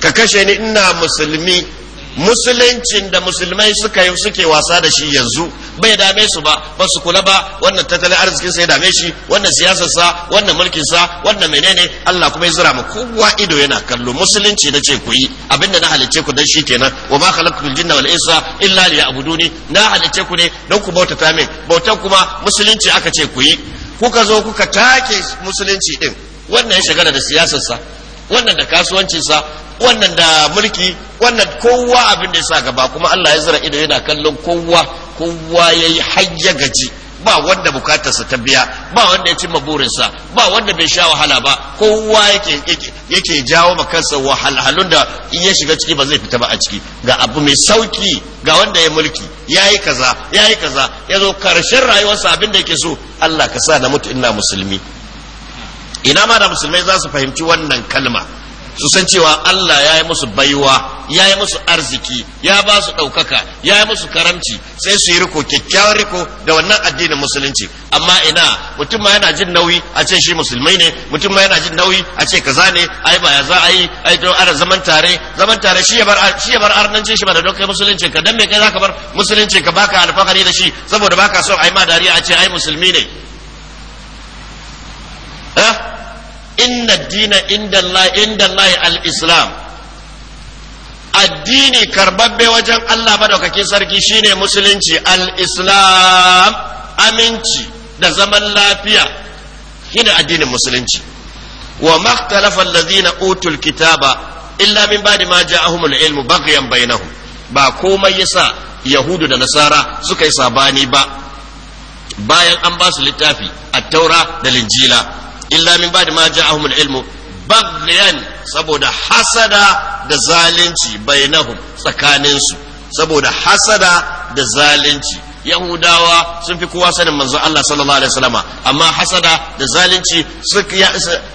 ka kashe ni ina musulmi musuluncin da musulmai suka yi suke wasa da shi yanzu bai dame su ba ba su kula ba wannan tattalin arzikin sai dame shi wannan siyasar sa wannan mulkin sa wannan menene Allah kuma ya zura mu kowa ido yana kallo musulunci da ce ku yi abinda na halice ku dan kenan wa ma al jinna wal insa illa liya'buduni na halice ku ne dan ku bauta ta min bautan kuma musulunci aka ce ku yi kuka zo kuka take musulunci din wannan ya shagala da siyasarsa wannan da kasuwancinsa wannan da mulki wannan kowa abin da ya sa gaba kuma Allah ya zira ido yana kallon kowa kowa yayi hayya gaji ba wanda bukatarsa ta biya ba wanda ya cimma burinsa ba wanda bai sha wahala ba kowa yake yake jawo ma kansa wahalhalun da in ya shiga ciki ba zai fita ba a ciki ga abu mai sauki ga wanda ya mulki yayi kaza yayi kaza ya zo karshen rayuwarsa abin da yake so Allah ka sa na mutu ina musulmi ina ma da musulmai za su fahimci wannan kalma su san cewa Allah ya yi musu baiwa ya yi musu arziki ya ba su ɗaukaka ya yi musu karamci sai su yi riko kyakkyawar riko da wannan addinin musulunci amma ina mutum ma yana jin nauyi a ce shi musulmai ne mutum ma yana jin nauyi a ce kaza ne ai ba ya za a yi ai don ara zaman tare zaman tare shi ya bar shi ya bar arnancin shi ba da don kai musulunci ka dan me kai zaka bar musulunci ka baka alfahari da shi saboda baka son ai ma dariya a ce ai musulmi ne eh inna dina inda Allah al-islam addini karbabbe wajen Allah madaukakin sarki shine musulunci al-islam aminci da zaman lafiya shine addinin musulunci wa makhtalafa alladhina utul kitaba illa min ba'di ma ja'ahumul ilmu baghyan bainahum ba komai yasa yahudu da nasara suka yi sabani ba bayan an ba su littafi at-taura da linjila illa min ba'di ma ja'ahumul ilmu bagyan saboda hasada da zalunci bainahum tsakanin su saboda hasada da zalunci yahudawa sun fi kowa sanin manzo Allah sallallahu alaihi wasallama amma hasada da zalunci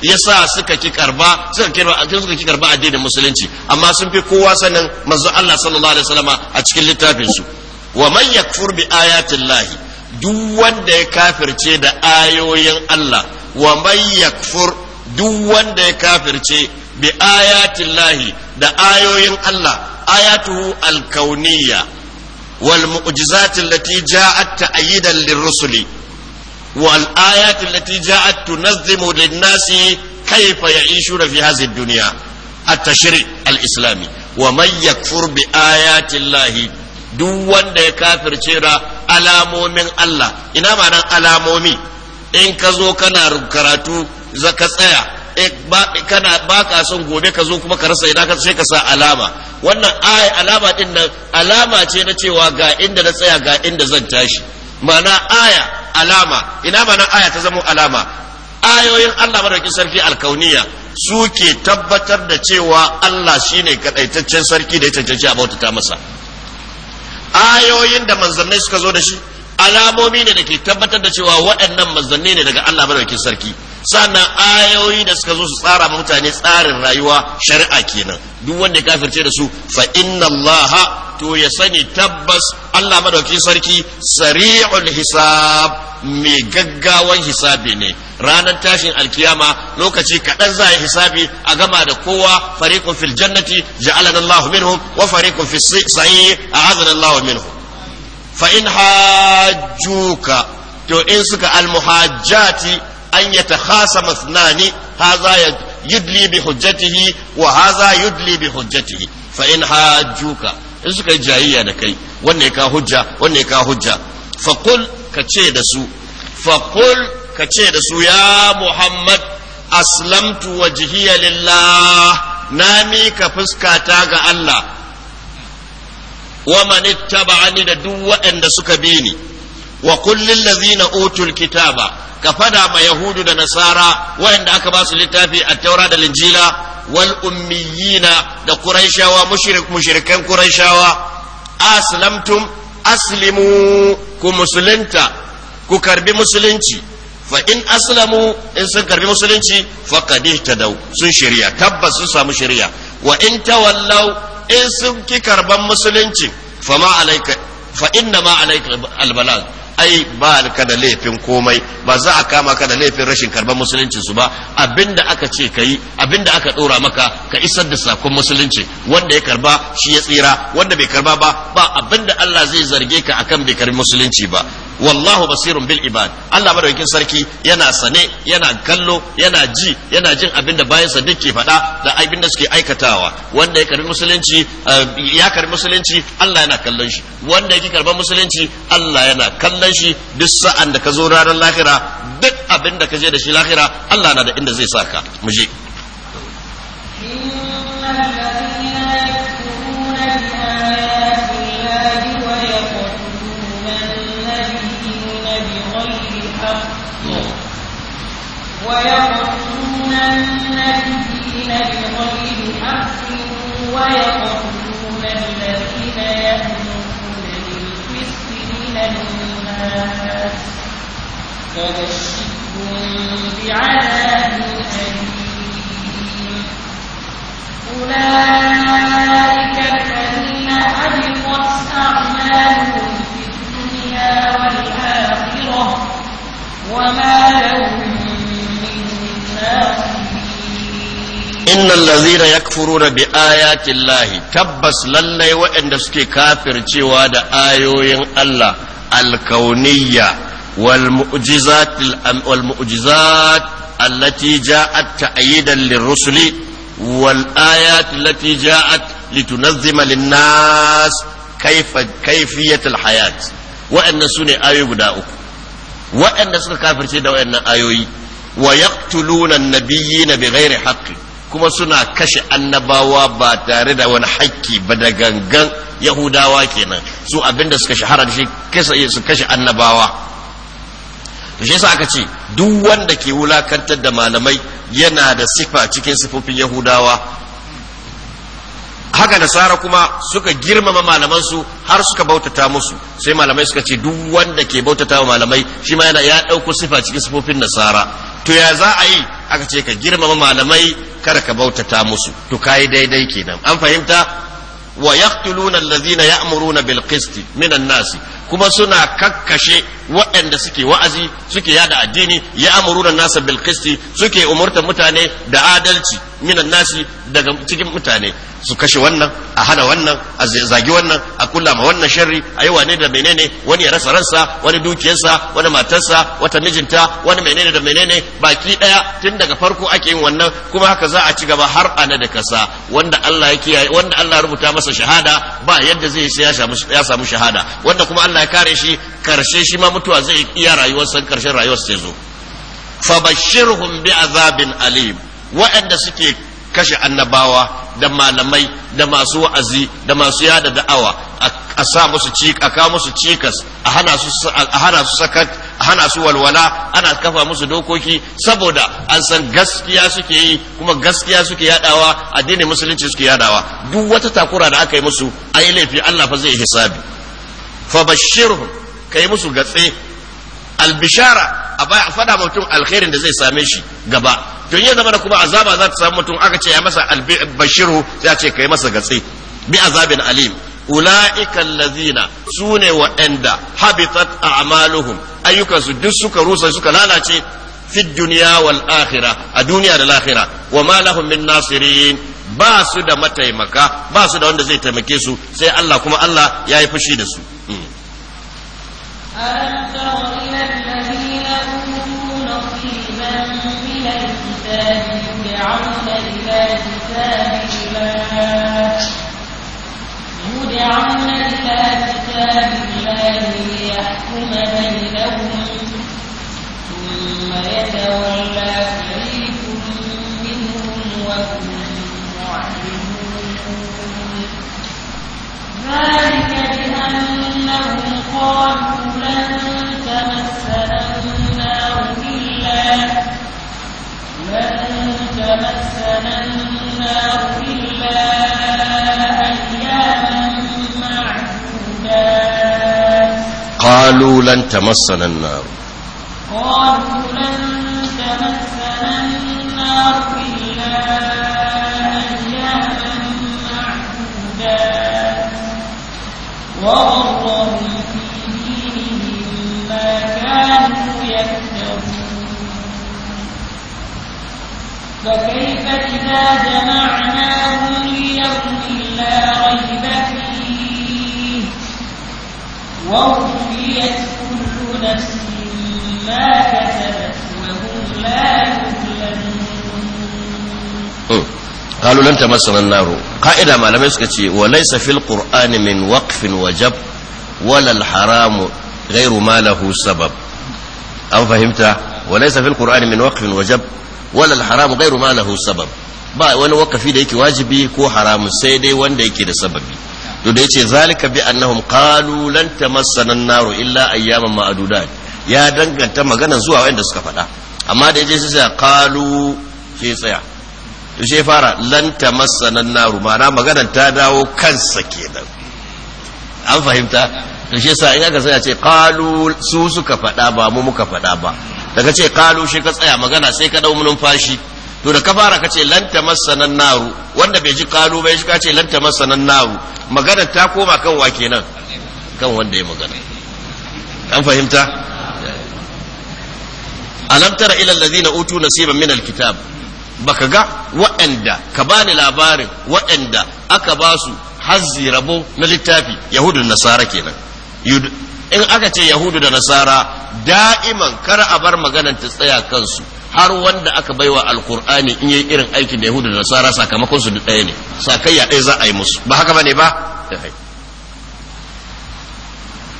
ya sa suka ki karba suka ki suka ki karba addinin musulunci amma sun fi kowa sanin manzo Allah sallallahu alaihi wasallama a cikin littafin su wa man yakfur bi ayati llahi duk wanda ya kafirce da ayoyin Allah wa may yakfur duk wanda ya kafirce bi ayatillahi da ayoyin Allah ayatuhu alkauniyya wal mu'jizati allati ja'at ta'yidan lirrusuli wal ayati allati ja'at tunazzimu lin-nasi ya'ishuna fi hadhihi ad-dunya at-tashri' al-islami wa man yakfur bi ayati duk wanda ya kafirce da alamomin Allah ina ma nan alamomi in ka zo kana karatu za ka tsaya eh, kana ba ka son gobe ka zo kuma ka rasa ina sai ka sa alama wannan ai alama din nan alama ce na cewa ga inda na tsaya ga inda zan tashi ma'ana aya alama ina mana aya ta zama alama ayoyin Allah madaukakin sarki alkauniya suke tabbatar da cewa Allah shine kadaitaccen sarki da ya cancanci a bauta ta masa ayoyin da manzannai suka zo da shi alamomi ne da ke tabbatar da cewa waɗannan manzanni ne daga Allah madaukakin sarki sannan ayoyi da suka zo su tsara ma mutane tsarin rayuwa shari'a kenan duk wanda ya kafirce da su fa inna Allah to ya sani tabbas Allah madaukakin sarki sari'ul hisab mai gaggawan hisabi ne ranar tashin alkiyama lokaci kaɗan za a yi hisabi a gama da kowa fariƙun fil jannati ja'alana Allah minhum wa fariƙun fis sa'i a'azana Allah minhum fa in hajjuka to in suka almuhajjati an yatakhasama thnani hadha yudli bi hujjatihi wa hadha yudli bi hujjatihi fa in hajjuka in suka yi jayayya da kai wanne ka hujja wanne ka hujja fa qul ka ce da su fa qul ka ce da su ya muhammad aslamtu wajhiya lillah na mika fuskata ga Allah wa man ittaba'ani da duk waɗanda suka bi ni wa kullil ladzina utul kitaba ka fada ma yahudu da nasara waɗanda aka ba su littafi at-taura da linjila wal ummiyina da quraishawa mushrik mushrikan quraishawa aslamtum aslimu ku musulunta ku karbi musulunci fa in aslamu in sun karbi musulunci faqad ihtadaw sun shirya tabbas sun samu shirya wa in tawallaw in sun ki karban musulunci fama alaika fa inna ma alaika albalag ai ba ka da laifin komai ba za a kama ka da laifin rashin karban musulunci su ba abinda aka ce kayi abinda aka dora maka ka isar da sakon musulunci wanda ya karba shi ya tsira wanda bai karba ba ba abinda Allah zai zarge ka akan bai karbi musulunci ba wallahu basirun bil ibad Allah madaukakin sarki yana sane yana kallo yana ji yana jin abin da bayan sa faɗa da abin da suke aikatawa wanda ya karbi musulunci eh, ya karbi musulunci Allah yana kallon shi wanda yake karban musulunci Allah yana kallon shi duk sa'an da ka zo ranar lahira duk abin da ka je da shi lahira Allah na da inda zai saka mu je ويقتلون النبيين بغير حق ويقتلون الذين يأمرون بالقسط من الناس فبشرهم بعذاب أليم أولئك الذين حبطت أعمالهم في الدنيا والآخرة وما لهم innal lazina yakfuruna bi ayati llahi tabbas lallai waɗanda suke kafircewa da ayoyin Allah alkauniyya wal mu'jizat wal mu'jizat allati ja'at ta'yidan lirrusuli wal ayat allati ja'at litunazzima linnas kayfa kayfiyat al hayat waɗannan sune ayoyi guda uku waɗanda suka kafirce da waɗannan ayoyi wa yaqtuluna an-nabiyina bighairi haqqi kuma suna kashe annabawa ba tare da wani haƙƙi ba da gangan yahudawa kenan su abinda suka shahara da shi su kashe annabawa to shi yasa aka ce duk wanda ke wulakantar da malamai yana da sifa cikin sifofin yahudawa haka nasara kuma suka girmama malamansu har suka bautata musu sai malamai suka ce duk wanda ke bautata wa malamai shi ma yana ya ɗauko sifa cikin sifofin nasara to ya za a yi aka ce ka girmama malamai kada ka bautata musu to kai daidai kenan an fahimta wa yaqtuluna allazina ya'muruna bil qisti minan nasi kuma suna kakkashe waɗanda suke wa'azi suke yada addini ya'muruna nasa bil qist suke umurta mutane da adalci minan nasi daga cikin mutane su kashe wannan a hana wannan a zagi wannan a kula ma wannan sharri a yi wane da menene wani ya rasa ransa wani dukiyarsa wani matarsa wata mijinta wani menene da menene baki daya tun daga farko ake yin wannan kuma haka za a ci gaba har ana da kasa wanda Allah ya kiyaye wanda Allah rubuta masa shahada ba yadda zai sai ya samu shahada wanda kuma Allah ya kare shi karshe shi ma mutuwa zai iya rayuwarsa karshen rayuwarsa sai zo fabashshirhum bi azabin alim waɗanda suke kashe annabawa da malamai da masu wa'azi da masu yada da'awa a sa musu a ka musu cikas a hana su sakat a hana su walwala ana kafa musu dokoki saboda an san gaskiya suke yi kuma gaskiya suke yadawa addinin musulunci suke yadawa duk wata takura da aka yi musu a yi laifi Allah fa zai hisabi fa bashirhum kai musu gatse albishara a baya fada mutum alkhairin da zai same shi gaba don ya zama da kuma azaba za ta samu mutum aka ce ya masa albashiru ya ce kai masa gatsi bi azabin alim ula'ika allazina sune waɗanda habitat a'maluhum ayyukansu duk suka rusa suka lalace fi duniya wal a duniya da lahira wa ma lahum min nasirin ba su da mataimaka ba su da wanda zai taimake su sai Allah kuma Allah ya yi fushi da su hmm. يدعون إلى كتاب الله يدعون إلى كتاب الله ليحكم بينهم ثم يتولى فريق منهم وهم معرضون ذلك بأنهم قالوا لن تمسنا النار إلا لن تمسنا النار إلا أياما معدودات قالوا لن تمسنا النار قالوا لن تمسنا النار إلا أياما معدودات وغرهم في دينهم ما كانوا يكتبون فكيف إذا جمعناهم ليوم لا ريب فيه ووفيت كل نفس ما كسبت وهم لا قالوا لن تمسنا النار قائلا ما لم يسكتي وليس في القرآن من وقف وجب ولا الحرام غير ما له سبب أو فهمت وليس في القرآن من وقف وجب wala haramu gairu ma lahu sabab ba wani wakafi da yake wajibi ko haramu sai dai wanda yake da sababi to da yace zalika bi annahum qalu lan tamassana an illa ayyaman ma'dudat ya danganta magana zuwa wanda suka faɗa amma da yace sai qalu sai tsaya to sai fara lan tamassana an ma'ana magana ta dawo kansa kenan an fahimta to shi yasa in aka sai ce qalu su suka faɗa ba mu muka faɗa ba daga ce kalu shi ka tsaya magana sai ka dau numfashi to da ka fara ka ce lan tamassanan naru wanda bai ji kalu bai shi ka ce lan tamassanan naru magana ta koma kan wa kenan kan wanda ya magana an fahimta alam tara ila allazina utu nasiban min alkitab baka ga wa'anda ka bani labarin wa'anda aka ba su hazzi rabo na littafi yahudun nasara kenan in aka ce yahudu da nasara da'iman kar a bar maganar ta tsaya kansu har wanda aka baiwa alkur'ani in yi irin aikin da yahudu da nasara sakamakon su ɗaya ne sakayya ɗaya za a yi musu ba haka bane ba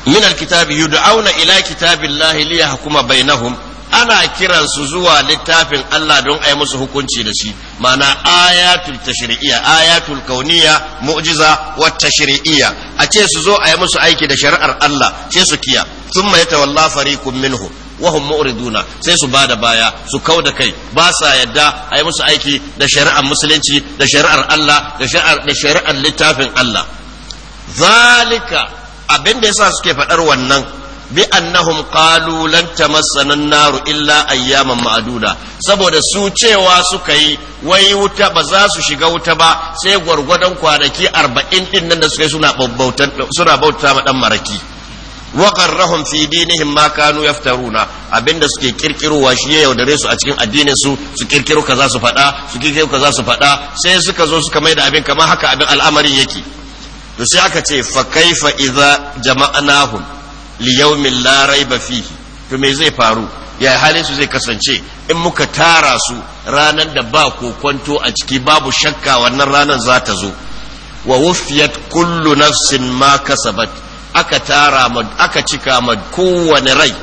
min alkitabi yud'auna ila kitabillahi liyahkuma bainahum ana kiran su zuwa littafin Allah don a yi musu hukunci da shi mana ayatul tashri'iyya ayatul kauniya mu'jiza wa tashri'iyya a ce su zo a yi musu aiki da shari'ar Allah sai su kiya thumma yatawalla fariqun minhu wa hum mu'riduna sai su bada baya su kau da kai ba sa yadda a yi musu aiki da shari'ar musulunci da shari'ar Allah da shari'ar da shari'ar littafin Allah zalika abinda yasa suke faɗar wannan bi annahum qalu lan tamassana illa ayyaman ma'duda saboda su cewa suka yi wai wuta ba su shiga wuta ba sai gwargwadon kwanaki arba'in din nan da suka yi suna bautan suna bauta ma dan maraki wa qarrahum fi dinihim ma kanu yaftaruna abinda suke kirkirowa shi ya yaudare su a cikin addinin su su kirkiro su faɗa su kirkiro kaza su faɗa sai suka zo suka mai da abin kamar haka abin al'amarin yake to sai aka ce fa kaifa idza jama'nahum liyaumin larai ba fihi to me zai faru ya halin su zai kasance in muka tara su ranar da ba ko kwanto a ciki babu shakka wannan ranar za ta zo wa wufiyat kullu nafsin ma kasabat aka tara ma aka cika ma kowane rai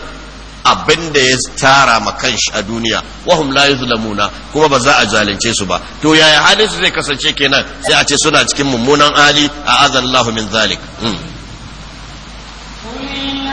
abin da ya tara ma kanshi a duniya wahum la yuzlamuna kuma ba za a zalunce su ba to yaya halin su zai kasance kenan sai a ce suna cikin mummunan hali a azan min zalik hmm.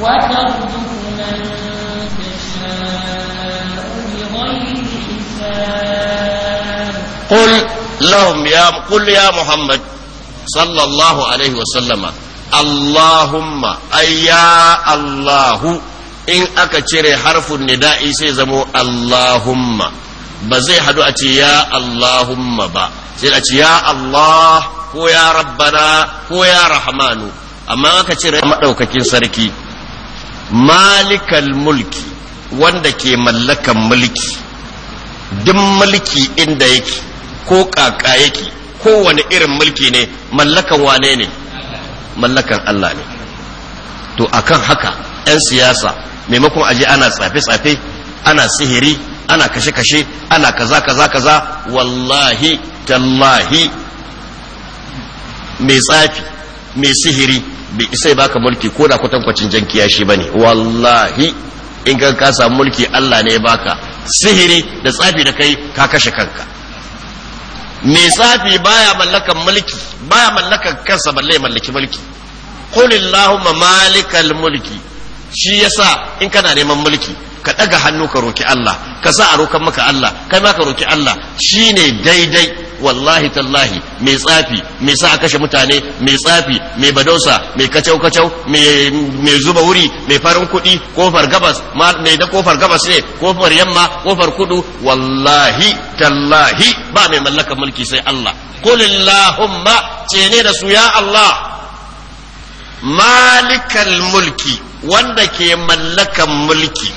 وترزق من تشاء بغير حساب قل لهم يا قل يا محمد صلى الله عليه وسلم اللهم أي يا الله in aka cire harfin nida'i sai zamo Allahumma ba zai hadu a ce ya Allahumma ba sai a ce ya Allah ko ya rabbana ko ya rahmanu amma aka cire maɗaukakin sarki malikal mulki wanda ke mallakan mulki duk mulki inda yake ko kaka yake kowane irin mulki ne mallakan wane ne mallakan Allah ne to akan haka 'yan siyasa maimakon aje ana tsafe-tsafe ana sihiri ana kashe-kashe ana kaza kaza kaza wallahi tallahi mai tsafi mai sihiri bai isa baka mulki ko da kwatankwacin jan kiyashi ne wallahi in kan ka samu mulki Allah ne ya baka sihiri da tsafi da kai ka kashe kanka Mai tsafi baya mallakan mulki baya mallakan kansa balle mallaki mulki kulillahu ma malikal mulki shi yasa in kana neman mulki ka daga hannu ka roki Allah ka sa a rokan maka Allah kai ma ka roki Allah shine daidai wallahi tallahi mai tsafi mai sa a kashe mutane mai tsafi mai badosa mai kacau kacau mai zuba wuri mai farin kuɗi kofar gabas mai da kofar gabas ne kofar yamma kofar kudu wallahi tallahi ba mai mallakar mulki sai Allah kulillahumma ce ne da su ya Allah malikal mulki wanda ke mallakan mulki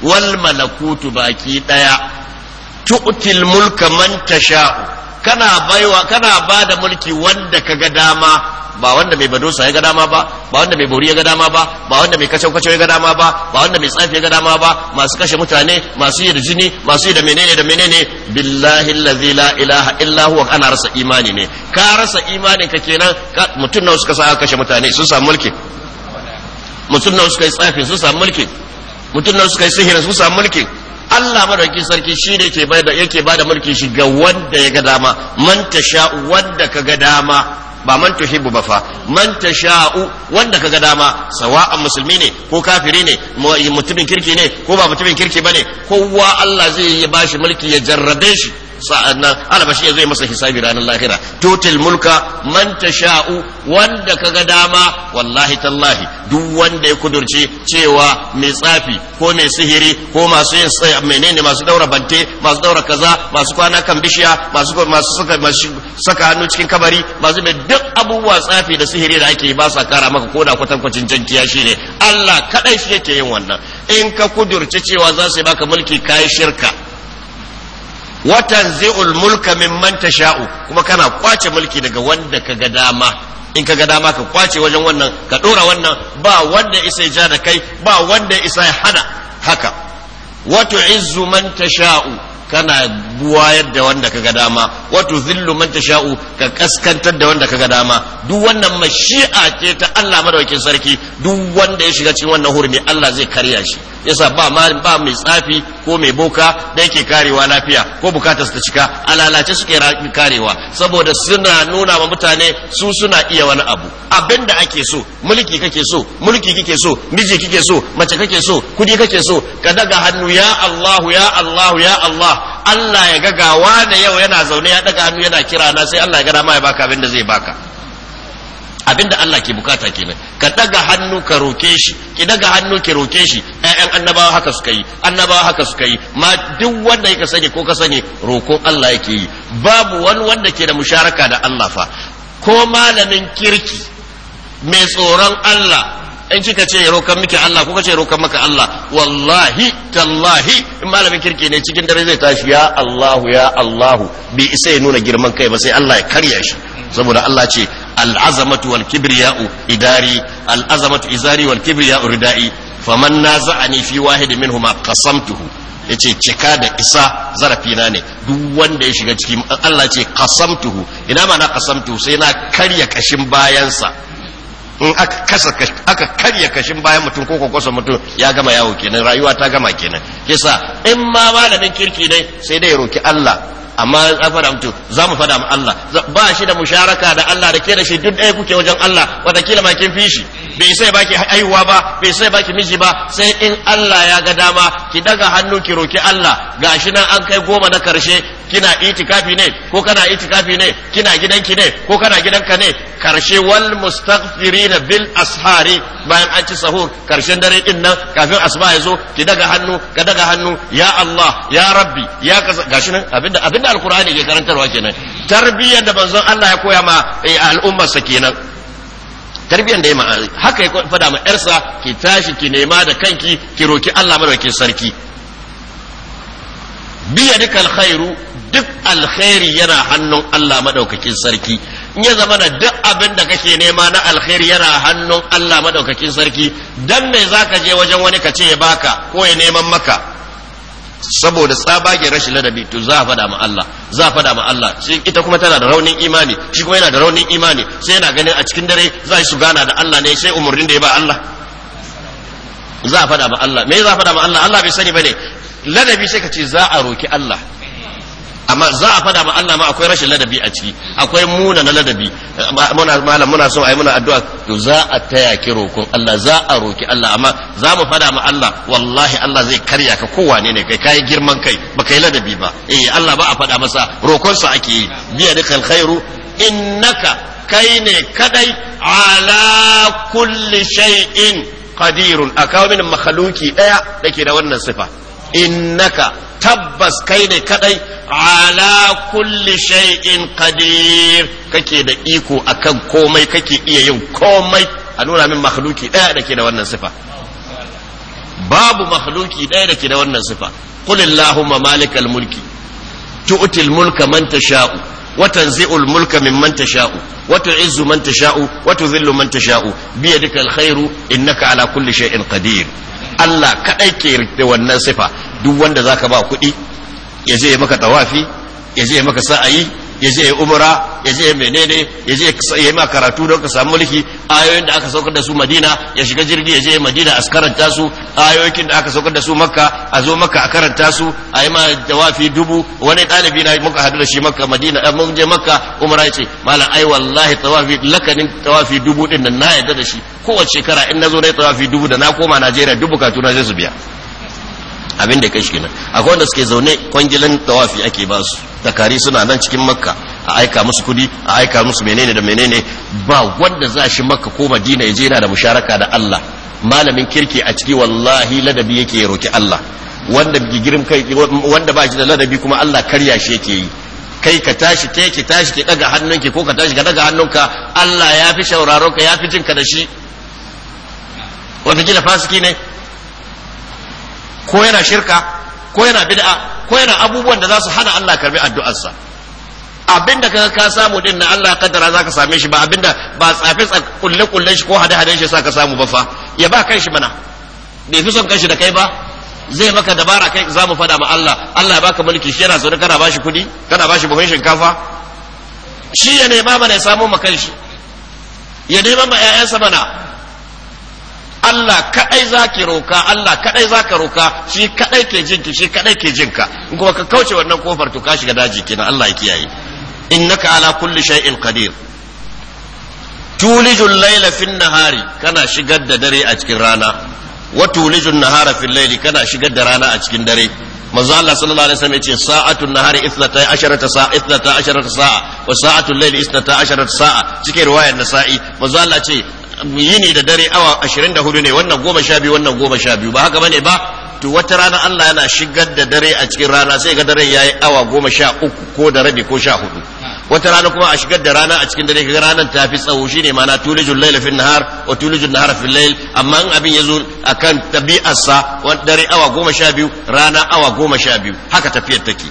wal malakutu baki daya tu'til mulka man tasha'u kana baiwa kana ba da mulki wanda ka ga dama ba wanda mai badosa ya ga dama ba ba wanda mai bori ya ga dama ba ba wanda mai kacau kacau ya ga dama ba ba wanda mai tsafi ya ga dama ba masu kashe mutane masu yi da jini masu yi da menene da menene billahi allazi la ilaha illa huwa kana rasa imani ne ka rasa imani ka kenan mutum nawa suka sa kashe mutane sun samu mulki mutum nawa suka yi tsafi sun samu mulki mutum nawa suka yi sihiri sun samu mulki Allah madaukakin sarki shi ne ke bada yake bada mulki shi ga wanda ya ga dama man tasha'u wanda ka ga dama ba man tuhibbu ba fa man tasha'u wanda ka ga dama sawa'an musulmi ne ko kafiri ne mutumin kirki ne ko ba mutumin kirki bane kowa Allah zai yi bashi mulki ya jarrabe shi sa'annan albashi ya zai masa hisabi ranar lahira total mulka man sha'u wanda kaga dama wallahi tallahi duk wanda ya kudurce cewa mai tsafi ko mai sihiri ko masu yin menene masu daura bante masu daura kaza masu kwana kan bishiya masu saka hannu cikin kabari masu mai duk abubuwa tsafi da sihiri da ake ba sa kara maka ko da kwatankwacin jankiya shine Allah kadai shi yake yin wannan in ka kudurce cewa za su yi baka mulki kai shirka Watan watanzi'ul mulka mimman tasha'u kuma kana kwace mulki daga wanda ka ga dama in ka ga dama ka kwace wajen wannan ka dora wannan ba wanda isa ya ja da kai ba wanda isa ya hana haka wato izu man tasha'u kana buwayar da wanda kaga dama wato zillu man sha'u ka kaskantar da wanda ka ga dama duk wannan mashi'a ce ta Allah madaukin sarki duk wanda ya shiga cikin wannan hurumi Allah zai karya shi yasa ba ma ba mai tsafi ko mai boka da yake karewa lafiya ko bukatar ta cika alalace suke karewa saboda suna nuna wa mutane su suna iya wani abu abinda ake so mulki kake so mulki kike so miji kike so mace kake so kudi kake so ka daga hannu ya Allah ya Allah ya Allah Allah ya ga gawa da yau yana zaune ya daga hannu yana kira na sai Allah ya ga ma ya baka abin zai baka Abinda Allah ke bukata kenan ka daga hannu ka roke shi ki daga hannu ki roke shi ɗayan annabawa haka suka yi annabawa haka suka yi ma duk wanda ka sani ko ka sani roƙon Allah yake yi babu wani wanda ke da musharaka da Allah fa ko malamin kirki mai tsoron Allah in kika ce rokan miki Allah ko kace rokan maka Allah wallahi tallahi in malamin kirki ne cikin dare zai tashi ya Allahu ya Allahu bi isa ya nuna girman kai ba sai Allah ya karya shi saboda Allah ce al'azamatu wal kibriya'u idari al'azamatu izari wal kibriya'u ridai faman naza'ani fi wahid minhuma qasamtuhu yace cika da isa zarafi na ne duk wanda ya shiga ciki Allah ce qasamtuhu ina ma na qasamtuhu sai na karya kashin bayansa in aka kasa aka karya kashin bayan mutum ko kwakwasa mutum ya gama yawo kenan rayuwa ta gama kenan yasa in ma malamin kirki ne sai dai ya roki Allah amma an fada mutu za mu fada ma Allah ba shi da musharaka da Allah da ke da shi duk ɗaya kuke wajen Allah watakila ma kin fi shi bai sai baki haihuwa ba bai sai baki miji ba sai in Allah ya ga dama ki daga hannu ki roki Allah gashi nan an kai goma na karshe kina itikafi ne ko kana itikafi ne kina gidanki ne ko kana gidanka ne karshe wal mustaghfirina bil ashari bayan an ci sahur karshen dare din nan kafin asuba ya zo ki daga hannu ka daga hannu ya Allah ya rabbi ya kaza gashi nan abinda abinda alqur'ani ke karantarwa kenan tarbiyyar da banzon Allah ya koya ma eh, al'ummarsa kenan tarbiyyar da ya ma haka ya fada ma yarsa ki tashi ki nema da kanki ki roki Allah madaukakin sarki biya duk alkhairu duk alkhairi yana hannun Allah madaukakin sarki in ya zama da duk abin da kake nema na alkhairi yana hannun Allah madaukakin sarki dan me zaka je wajen wani ka ce ya baka ko ya neman maka saboda tsabagen rashin ladabi to za a fada ma Allah za a fada ma Allah shi ita kuma tana da raunin imani shi kuma yana da raunin imani sai yana ganin a cikin dare za su gana da Allah ne sai umurnin da ya ba Allah za a fada ma Allah me za a fada ma Allah Allah bai sani bane ladabi sai ka ce za a roki Allah amma za a fada ma Allah ma akwai rashin ladabi a ciki akwai muna na ladabi muna malam muna so ai muna addu'a to za a taya ki rokon Allah za a roki Allah amma za mu fada ma Allah wallahi Allah zai karya ka kowane ne kai kai girman kai ba kai ladabi ba eh Allah ba a fada masa rokon sa ake yi biya da khairu innaka kai ne kadai ala kulli shay'in qadirun akawamin makhluki daya dake da wannan sifa innaka tabbas kai ne kadai ala kulli shay'in qadir kake da iko akan komai kake iya yin komai a nuna min makhluki daya da da wannan sifa babu makhluki daya da da wannan sifa qul allahumma malikal mulki tutil mulka man tasha'u wa tanzi'ul mulka mimman tasha'u wa tu'izzu man tasha'u wa tudhillu man tasha'u bi yadika al-khairu innaka ala kulli shay'in qadir Allah kadai ke da wannan sifa duk wanda zaka ba kuɗi ya je maka tawafi ya je maka sa'ayi ya je umra ya je menene ya je ya ma karatu don ka samu mulki ayoyin da aka saukar da su madina ya shiga jirgi ya je madina a karanta su ayoyin da aka saukar da su makka a zo makka a karanta su a yi ma jawafi dubu wani ɗalibi na muka hadu da shi makka madina eh, mun je makka umra ya ce malam ai wallahi tawafi lakanin tawafi dubu din nan na yadda da shi kowace shekara in na zo na tawafi dubu da na koma najeriya dubu katuna zai su biya abin da kai shi kenan akwai wanda suke zaune kwangilan tawafi ake ba su takari suna nan cikin makka a aika musu kudi a aika musu menene da menene ba wanda za shi makka ko madina ya je yana da musharaka da Allah malamin kirki a ciki wallahi ladabi yake roki Allah wanda gigirim kai wanda ba shi da ladabi kuma Allah karya shi yake yi kai ka tashi ke ki tashi ki daga hannunki ko ka tashi ka daga hannunka Allah ya fi shauraron ka ya fi jinka da shi wata kila fasiki ne ko yana shirka ko yana bid'a ko yana abubuwan da za su hana Allah karbi addu'arsa abin da ka samu din na Allah kaddara za ka same shi ba abin da ba tsafi kulle kullen shi ko hade hada shi sa ka samu ba fa ya ba kan shi mana bai fi son kan shi da kai ba zai maka dabara kai za mu fada ma Allah Allah ya baka mulki shi yana zaune kana bashi kudi kana bashi buhun shinkafa shi ya nema mana ya samo ma kan shi ya nema ma 'ya'yansa mana Allah kadai ki roka Allah kadai zaka roka shi kadai ke jinki shi kadai ke jinka in kuma ka kauce wannan kofar to ka shiga daji kenan Allah ya kiyaye innaka ala kulli shay'in qadir tulijul layla fin nahari kana shigar da dare a cikin rana wa tulijul nahara fil layli kana shigar da rana a cikin dare manzo Allah sallallahu alaihi wasallam yace sa'atun nahari asharata sa'a asharata sa'a wa sa'atul layli asharata sa'a cikin riwayar nasa'i manzo Allah ce yini da dare awa ashirin da hudu ne wannan goma sha biyu wannan goma sha biyu ba haka bane ba to wata rana Allah yana shigar da dare a cikin rana sai ga daren yayi awa goma sha uku ko da rabi ko sha hudu wata rana kuma a shigar da rana a cikin dare kaga ranar ta fi tsawo shine ma'ana tulijul layl fi nahar wa tulijul nahar fi layl amma in abin yazo akan tabi'arsa wani dare awa goma sha biyu rana awa goma sha biyu haka tafiyar take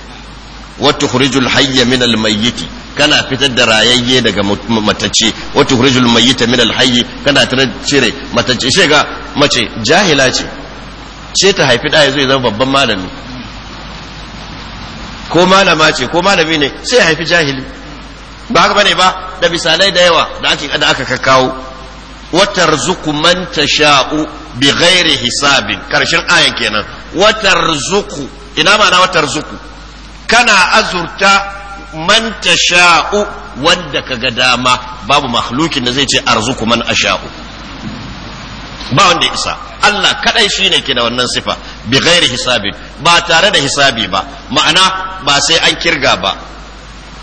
wa tukhrijul hayya min al mayyiti kana fitar da rayayye daga matacce mai tukhrijul mayyita min alhayy kana tare cire matacce she mace jahila ce ce ta haifi da yazo ya zama babban malami ko malama ce ko malami ne sai haifi jahili ba haka bane ba da misalai da yawa da ake da aka kakkawo watarzuqu man tasha'u bighairi hisabin karshen ayan kenan watarzuqu ina ma'ana watar zuku kana azurta man tasha'u wanda kaga dama babu makhlukin da zai ce arzuku man asha'u ba wanda isa Allah kadai shine ke da wannan sifa bi ghairi hisabin ba tare da hisabi ba ma'ana ba sai an kirga ba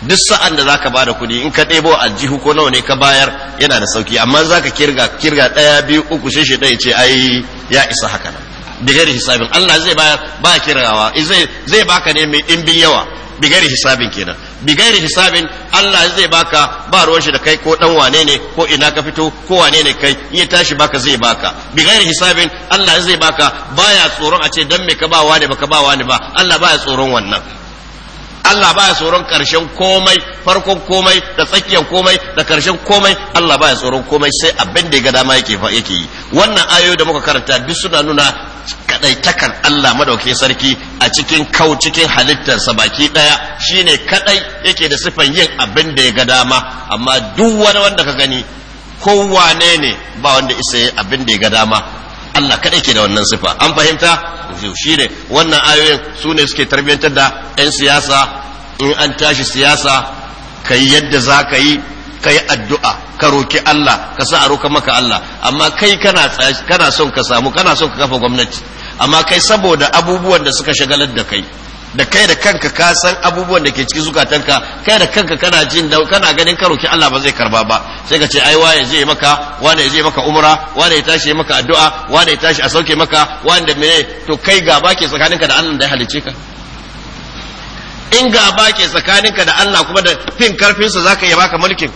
duk sa'an da zaka bada kuɗi in ka ɗebo aljihu ko nawa ne ka bayar yana da sauki amma zaka kirga kirga ɗaya biyu uku shi shi dai ce ai ya isa haka nan da gari hisabin Allah zai bayar ba kirgawa zai zai baka ne mai ɗimbin yawa bigari hisabin kenan bigari hisabin Allah zai baka ba ruwan shi da kai ko dan wane ne ko ina ka fito ko wane ne kai in ya tashi baka zai baka bigari hisabin Allah zai baka baya tsoron a ce dan me ka ba wane baka ba wane ba Allah baya tsoron wannan Allah baya tsoron karshen komai farkon komai da tsakiyar komai da karshen komai Allah baya tsoron komai sai abin da ya ga dama yake yake yi wannan ayoyi da muka karanta duk suna nuna Kaɗaitakar Allah madaukakin sarki a cikin kau cikin halittarsa baki daya shine kadai yake da sifan yin abin da ya ga dama amma duk wani wanda ka gani kowane ne ba wanda isa yi abin da ya ga dama Allah kadai ke da wannan sifa an fahimta shi wannan ayoyin su ne suke tarbiyyantar da 'yan siyasa in an tashi siyasa ka yi yadda za ka yi ka yi addu'a ka roki Allah ka sa a roka maka Allah amma kai kana kana son ka samu kana son ka kafa gwamnati amma kai saboda abubuwan da suka shagalar da kai da kai da kanka ka san abubuwan da ke cikin zukatanka kai da kanka kana jin da kana ganin ka roki Allah ba zai karba ba sai ka ce ai waye zai maka wane ya je maka umra wane ya tashi maka addu'a wane ya tashi a sauke maka wanda mene to kai gaba ke tsakaninka da Allah da ya halice ka in gaba ke tsakaninka da Allah kuma da fin karfin sa zaka yi baka mulkin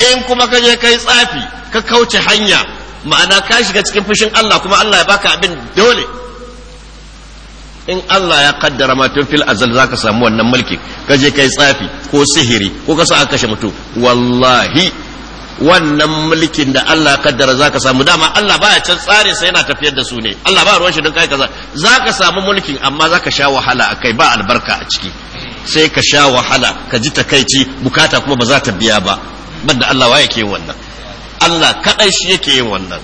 in kuma ka je kai tsafi ka kauce hanya ma'ana ka shiga cikin fushin Allah kuma Allah ya baka abin dole in Allah ya kaddara ma tun fil azal zaka samu wannan mulki ka je kai tsafi ko sihiri ko ka sa aka kashe mutum wallahi wannan mulkin da Allah ya kaddara zaka samu dama Allah baya can tsare sai yana tafiyar da su ne Allah ba ruwan shi don kai kaza zaka samu mulkin amma zaka sha wahala akai ba albarka a ciki sai ka sha wahala ka ji takaici bukata kuma ba za ta biya ba banda Allah wa yake yin wannan Allah kadai shi yake yin wannan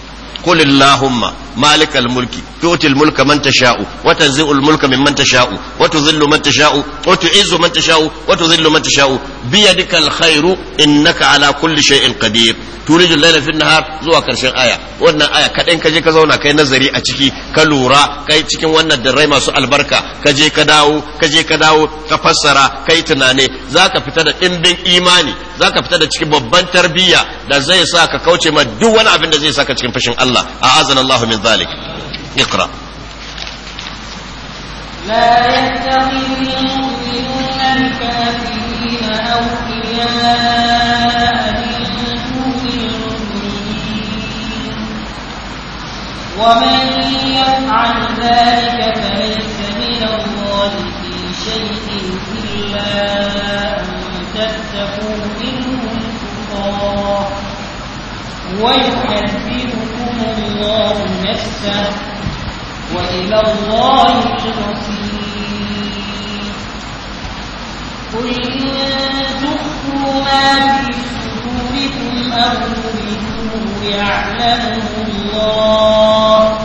قل اللهم مالك الملك تؤتي الملك من تشاء وتنزع الملك ممن تشاء وتذل من تشاء وتعز من تشاء وتذل من تشاء بيدك الخير انك على كل شيء قدير تولج الليل في النهار zuwa karshen aya wannan aya kaɗai ka je ka zauna kai nazari a ciki ka lura kai cikin wannan darrai masu albarka ka je ka dawo ka je ka dawo ka fassara kai tunane zaka fita da ɗimbin imani za ka fita da cikin babban tarbiyya da zai sa ka kauce ma duk wani abin da zai sa ka cikin fashin Allah a azan Allah min zalik iqra لا يتخذ ومن يفعل ذلك فليس من الله في شيء إلا أن تتقوا منهم تقاة ويحذركم الله نفسه وإلى الله المصير قل إن تخفوا ما في صدوركم أو تبدوه يعلمه الله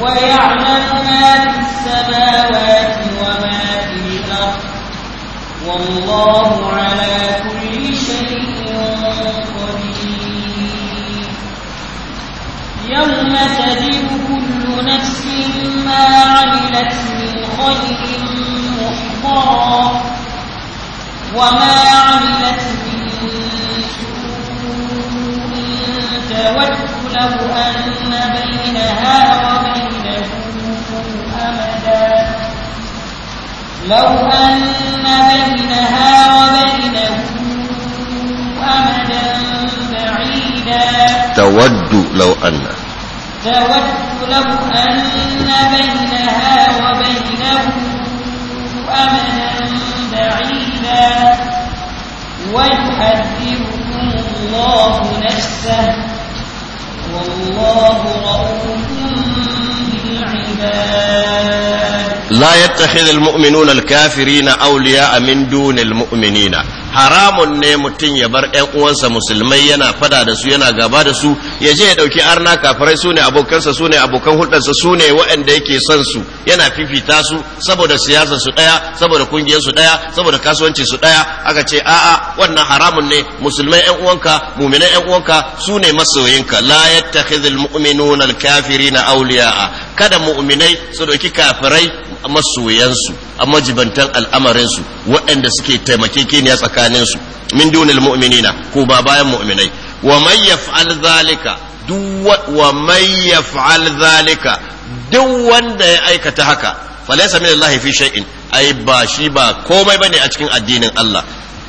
ويعلم ما في السماوات وما في الأرض والله على كل شيء قدير يوم تجد كل نفس ما عملت من خير محضرا وما عملت من سوء تود لو أن بينها وبينه أمدا لو أن بينها وبينه أمدا بعيدا تود لو أن تود لو أن بينها وبينه أمدا بعيدا ويحذركم الله نفسه والله رؤوف بالعباد لا يتخذ المؤمنون الكافرين أولياء من دون المؤمنين haramun ne mutum ya bar ɗan uwansa musulmai yana fada da su yana gaba da su ya je ya ɗauki arna kafirai su ne abokansa su ne abokan hulɗarsa su ne waɗanda yake son su yana fifita su saboda siyasa su ɗaya saboda kungiyar su ɗaya saboda kasuwanci su ɗaya aka ce a'a wannan haramun ne musulmai ɗan uwanka mu'minan ɗan uwanka su ne masoyinka la yattakhidhul mu'minuna alkafirina awliya'a kada mu'minai su ɗauki kafirai masoyansu a majibantan al'amarinsu waɗanda suke taimakekeniya tsakanin tsakaninsu min dunil mu'minina ko ba bayan mu'minai wa man yaf'al zalika wa man yaf'al zalika duk wanda ya aikata haka falaysa min Allah fi shay'in ai ba shi ba komai bane a cikin addinin Allah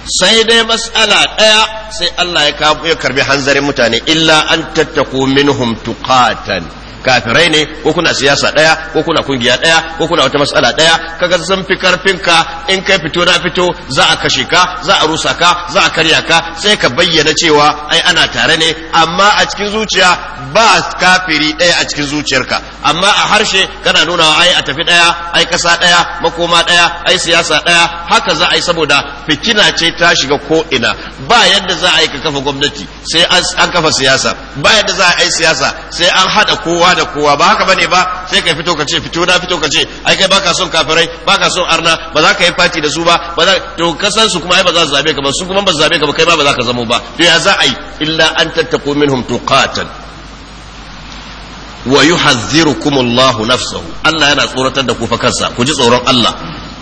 sai dai mas'ala daya sai Allah ya karbi hanzarin mutane illa an tattaku minhum tuqatan kafirai ne ko kuna siyasa daya ko kuna kungiya daya ko kuna wata matsala daya kaga sun fi karfin ka in kai fito na fito za a kashe ka za a rusa ka za a karya ka sai ka bayyana cewa ai ana tare ne amma a cikin zuciya ba kafiri daya a cikin zuciyarka amma a harshe kana nuna ai a tafi daya ai kasa daya makoma daya ai siyasa daya haka za a yi saboda fitina ce ta shiga ko ina ba yadda za a yi ka kafa gwamnati sai an kafa siyasa ba yadda za a yi siyasa sai an hada kowa kowa da kowa ba haka bane ba sai ka fito ka ce fito na fito ka ce ai kai baka son kafirai baka son arna ba za ka yi fati da su ba ba za to kasan su kuma ai ba za su zabe ka ba su kuma ba su zabe ka ba kai ma ba za ka zamo ba to ya za a yi illa an tattaqu minhum tuqatan wa yuhadhdhirukum Allah nafsahu Allah yana tsoratar da ku fa kansa ku ji tsoron Allah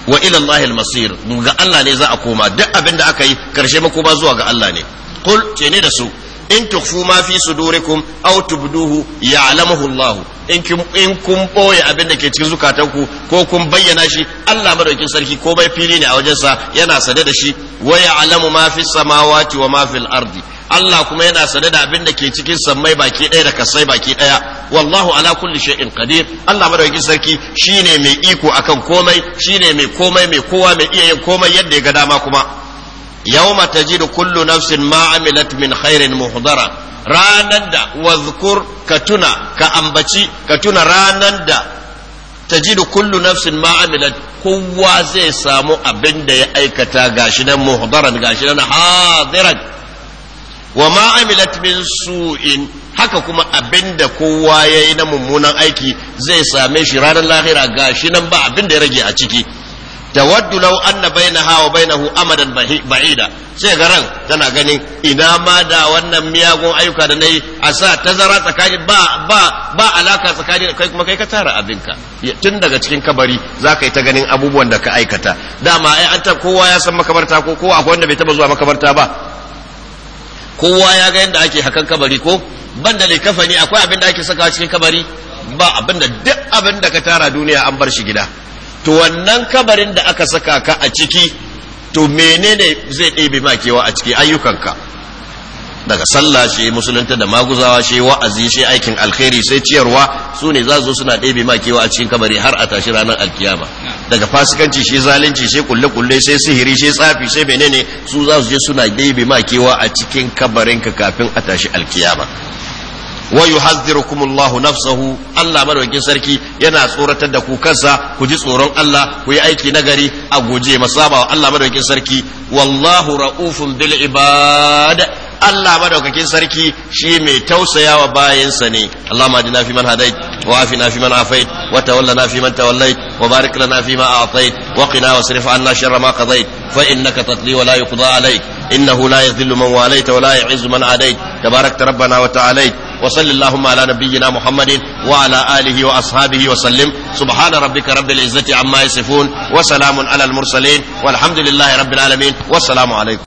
wa ila Allah al-masir ga Allah ne za a koma duk abin da aka yi karshe makoma zuwa ga Allah ne kul ce ne da su in tukfu ma fi sudurikum aw tubduhu ya'lamuhu Allah in kun in kun boye abin da ke cikin zukatanku ko kun bayyana shi Allah madaukin sarki ko bai fili ne a wajensa yana sade da shi wa ya'lamu ma fi samawati wa ma fil ardi Allah kuma yana sane da abin da ke cikin sammai baki ɗaya da kasai baki ɗaya wallahu ala kulli shay'in qadir Allah madaukakin sarki shine mai iko akan komai shine mai komai mai kowa mai iya yin komai yadda ya ga dama kuma yawma tajidu kullu nafsin ma amilat min khairin muhdara ranar da wazkur ka tuna ka ambaci ka tuna ranar da tajidu kullu nafsin ma amilat zai samu abin da ya aikata gashi nan muhdaran gashi nan wa ma amilat su'in haka kuma abin da kowa ya yi na mummunan aiki zai same shi ranar lahira gashi nan ba abin da ya rage a ciki tawaddu law anna bainaha wa bainahu amadan ba'ida sai ga ran tana ganin ina ma da wannan miyagun ayyuka da nayi a sa tazara tsakani ba ba ba alaka tsakani kai kuma kai ka tara abinka tun daga cikin kabari zaka yi ta ganin abubuwan da ka aikata dama ai an ta kowa ya san makabarta ko kowa akwai wanda bai taba zuwa makabarta ba kowa ya ga yadda ake hakan kabari ko banda kafani akwai abin da ake sakawa cikin kabari ba abin da duk abin ka tara duniya an bar shi gida to wannan kabarin da aka saka ka a ciki to menene zai ɗebe makewa a ciki ayyukanka daga sallah shi musulunta da maguzawa shi wa'azi shi aikin alkhairi sai ciyarwa su ne za zo suna ɗebe makewa a cikin kabari har a tashi ranar alkiyama daga fasikanci shi zalunci shi kulle kulle sai sihiri shi tsafi sai menene su za su je suna ɗebe makewa a cikin kabarinka kafin a tashi alkiyama wa yuhadhdhirukumullahu nafsahu Allah madaukakin sarki yana tsoratar da kukansa ku ji tsoron Allah ku yi aiki na gari a guje masaba Allah madaukakin sarki wallahu raufun bil ibad Allah madaukakin sarki shi mai tausayawa bayansa ne Allahumma adina fi man hadait wa afina fi man wa fi man wa barik lana fi ma wa qina anna sharra ma qadait fa innaka tatli wa la yuqda alayk innahu la yadhillu man walayt wa la yu'izzu man adait tabarakta rabbana wa ta'alayt وصل اللهم على نبينا محمد